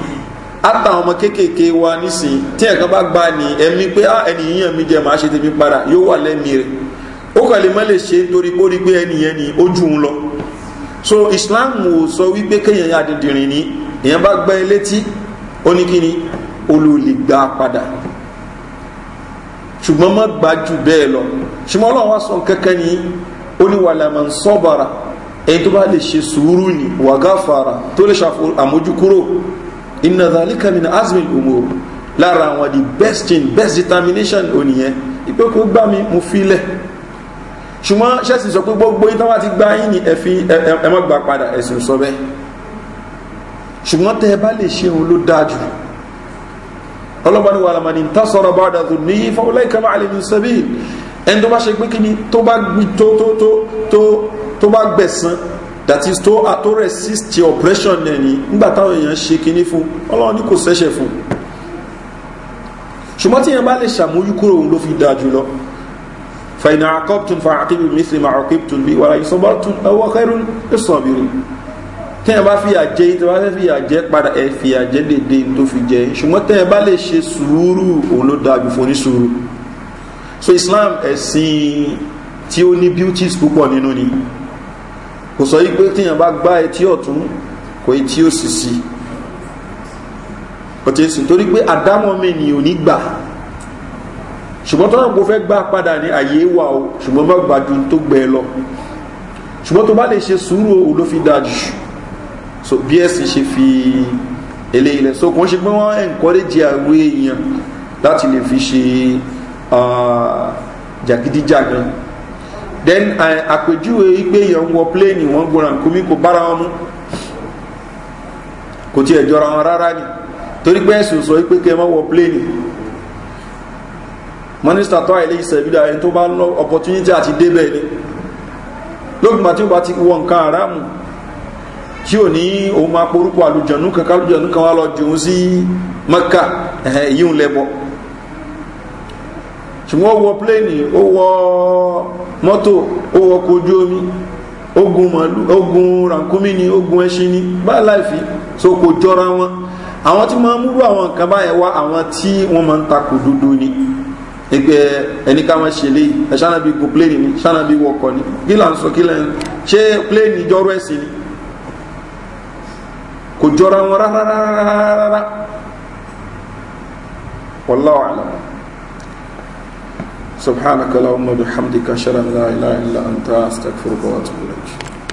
àtàwọn ọmọ kéékèèké wa nísìnyí tí ẹ̀kan bá gbá ní ẹ̀mí pé ah, ẹni yíyan mi jẹ màá ṣe tèmi padà yóò wà lẹ́mìí rẹ̀ ó kàn lè lè ṣe nítorí pé pé ẹni yẹn ní ojú ń lọ so islam ò sọ wípé kéèyàn adìndìnrín ni èèyàn bá gbẹ́ ilé tí ó ní kíni olùlìgbà padà ṣùgbọ́n má gbà jù bẹ́ẹ̀ lọ ṣùgbọ́n ọlọ́run wá sọ kẹ́kẹ́ ni ó ní wàlàmà ń sọ́bàrà ẹni tó bá lè ṣe sùúrù ni wàgáfàrà tó lè ṣàfò àmójúkúrò iná dàlíkà mi azmin umo lára àwọn the best in best determination ònìyẹn ìpé kó gbá mi mo fi lẹ̀ ṣùgbọ́n ṣẹ́sì sọ pé gbogbo yín tán wá ti gbá yín ni ẹ̀fí ẹ̀mọ́ gbà padà ẹ̀sìn sọ bẹ́ẹ̀ ṣùgbọ́n tẹ́ ẹ bá lè ṣe òun ló dáa jù ọlọ́bàánu wà lámà ní ta sọ̀rọ̀ bá dà tó ní fọwọ́lẹ́ ìkàmọ́ àlè sẹ́bí ẹni tó bá ṣe pé kíni tó bá gbi tó tó tó tó tó bá gbẹ̀sán that is to àtó resist your oppression ẹ̀ ní nígbà táwọn èèyàn ṣe kíní fún ọlọ́run ní kò sẹ́ṣẹ̀ fún ṣùgbọ́n tí yẹn bá lè ṣàmójúkúrò òun ló fi dáa jù lọ فإن عاقبتم فعاقبوا بمثل ما عوقبتم به ولئن صبرتم لهو خير للصابرين tẹ́ ẹ bá fìyà jẹ yìí tẹ́ ẹ bá fẹ́ fìyà jẹ padà ẹ fìyà jẹ dédé tó fi jẹ ṣùgbọ́n tẹ́ ẹ bá lè ṣe sùúrù òun ló dáa ju fún ní sùúrù so islam ẹ̀sìn tí ó ní beauties púpọ̀ nínú ni kò sọ yìí pé bá gbá etí ọ̀tún kò etí òsì sí ọ̀tẹ̀sìn torí pé àdámọ́ mi ni ò ní gbà ṣùgbọ́n tọ́nà kò fẹ́ gbà padà ní àyè wà o ṣùgbọ́n má gbà ju tó gbẹ lọ ṣùgbọ́n tó bá lè ṣe sùúrù o ló fi dájú so bí ẹ̀sìn ṣe fi eléyìí lẹ̀ so kò ń ṣe pé wọ́n encourage àwọn èèyàn láti lè fi ṣe jàgídíjàgan then àpèjúwe wípé èèyàn ń wọ pléènì wọ́n gbọ́ra nǹkan mi kò bára wọn mú kò tiẹ̀ jọra wọn rárá ni torí pé ẹ̀sùn sọ wípé kẹ́ ẹ má wọ pléènì mọ́nísítà tó àìlè ìsẹ̀bílẹ̀ ẹni tó bá lọ opportunity àti débẹ̀ ni lókùnbà tí ó bá ti wọ nǹkan àrámù tí ò ní òun máa porúkọ àlùjọ̀nù kan kálùjọ̀nù kan wá lọ jòun sí mẹ́kà yíò lẹ́bọ̀ ṣùgbọ́n ó wọ pléènì ó wọ mọ́tò ó wọ kojú omi ogun màálù ogun rànkúmí ni ogun ẹṣin ni bá láìfi so kò jọra wọn àwọn tí máa múrú àwọn nǹkan báyẹn wá àwọn tí wọ́n máa ń takò dúdú ni ẹgbẹ́ ẹni ká máa ṣe léyìí ẹ ṣáná bí gun pléènì ni ṣáná bí wọkọ̀ ni kí là ń sọ kí là ń ṣe pléènì jọrọ ẹ̀sìn ni kò jọra wọn rárá wallahu alam subhanaka allahumma bihamdika ashhadu an la ilaha illa anta astaghfiruka wa atubu ilayk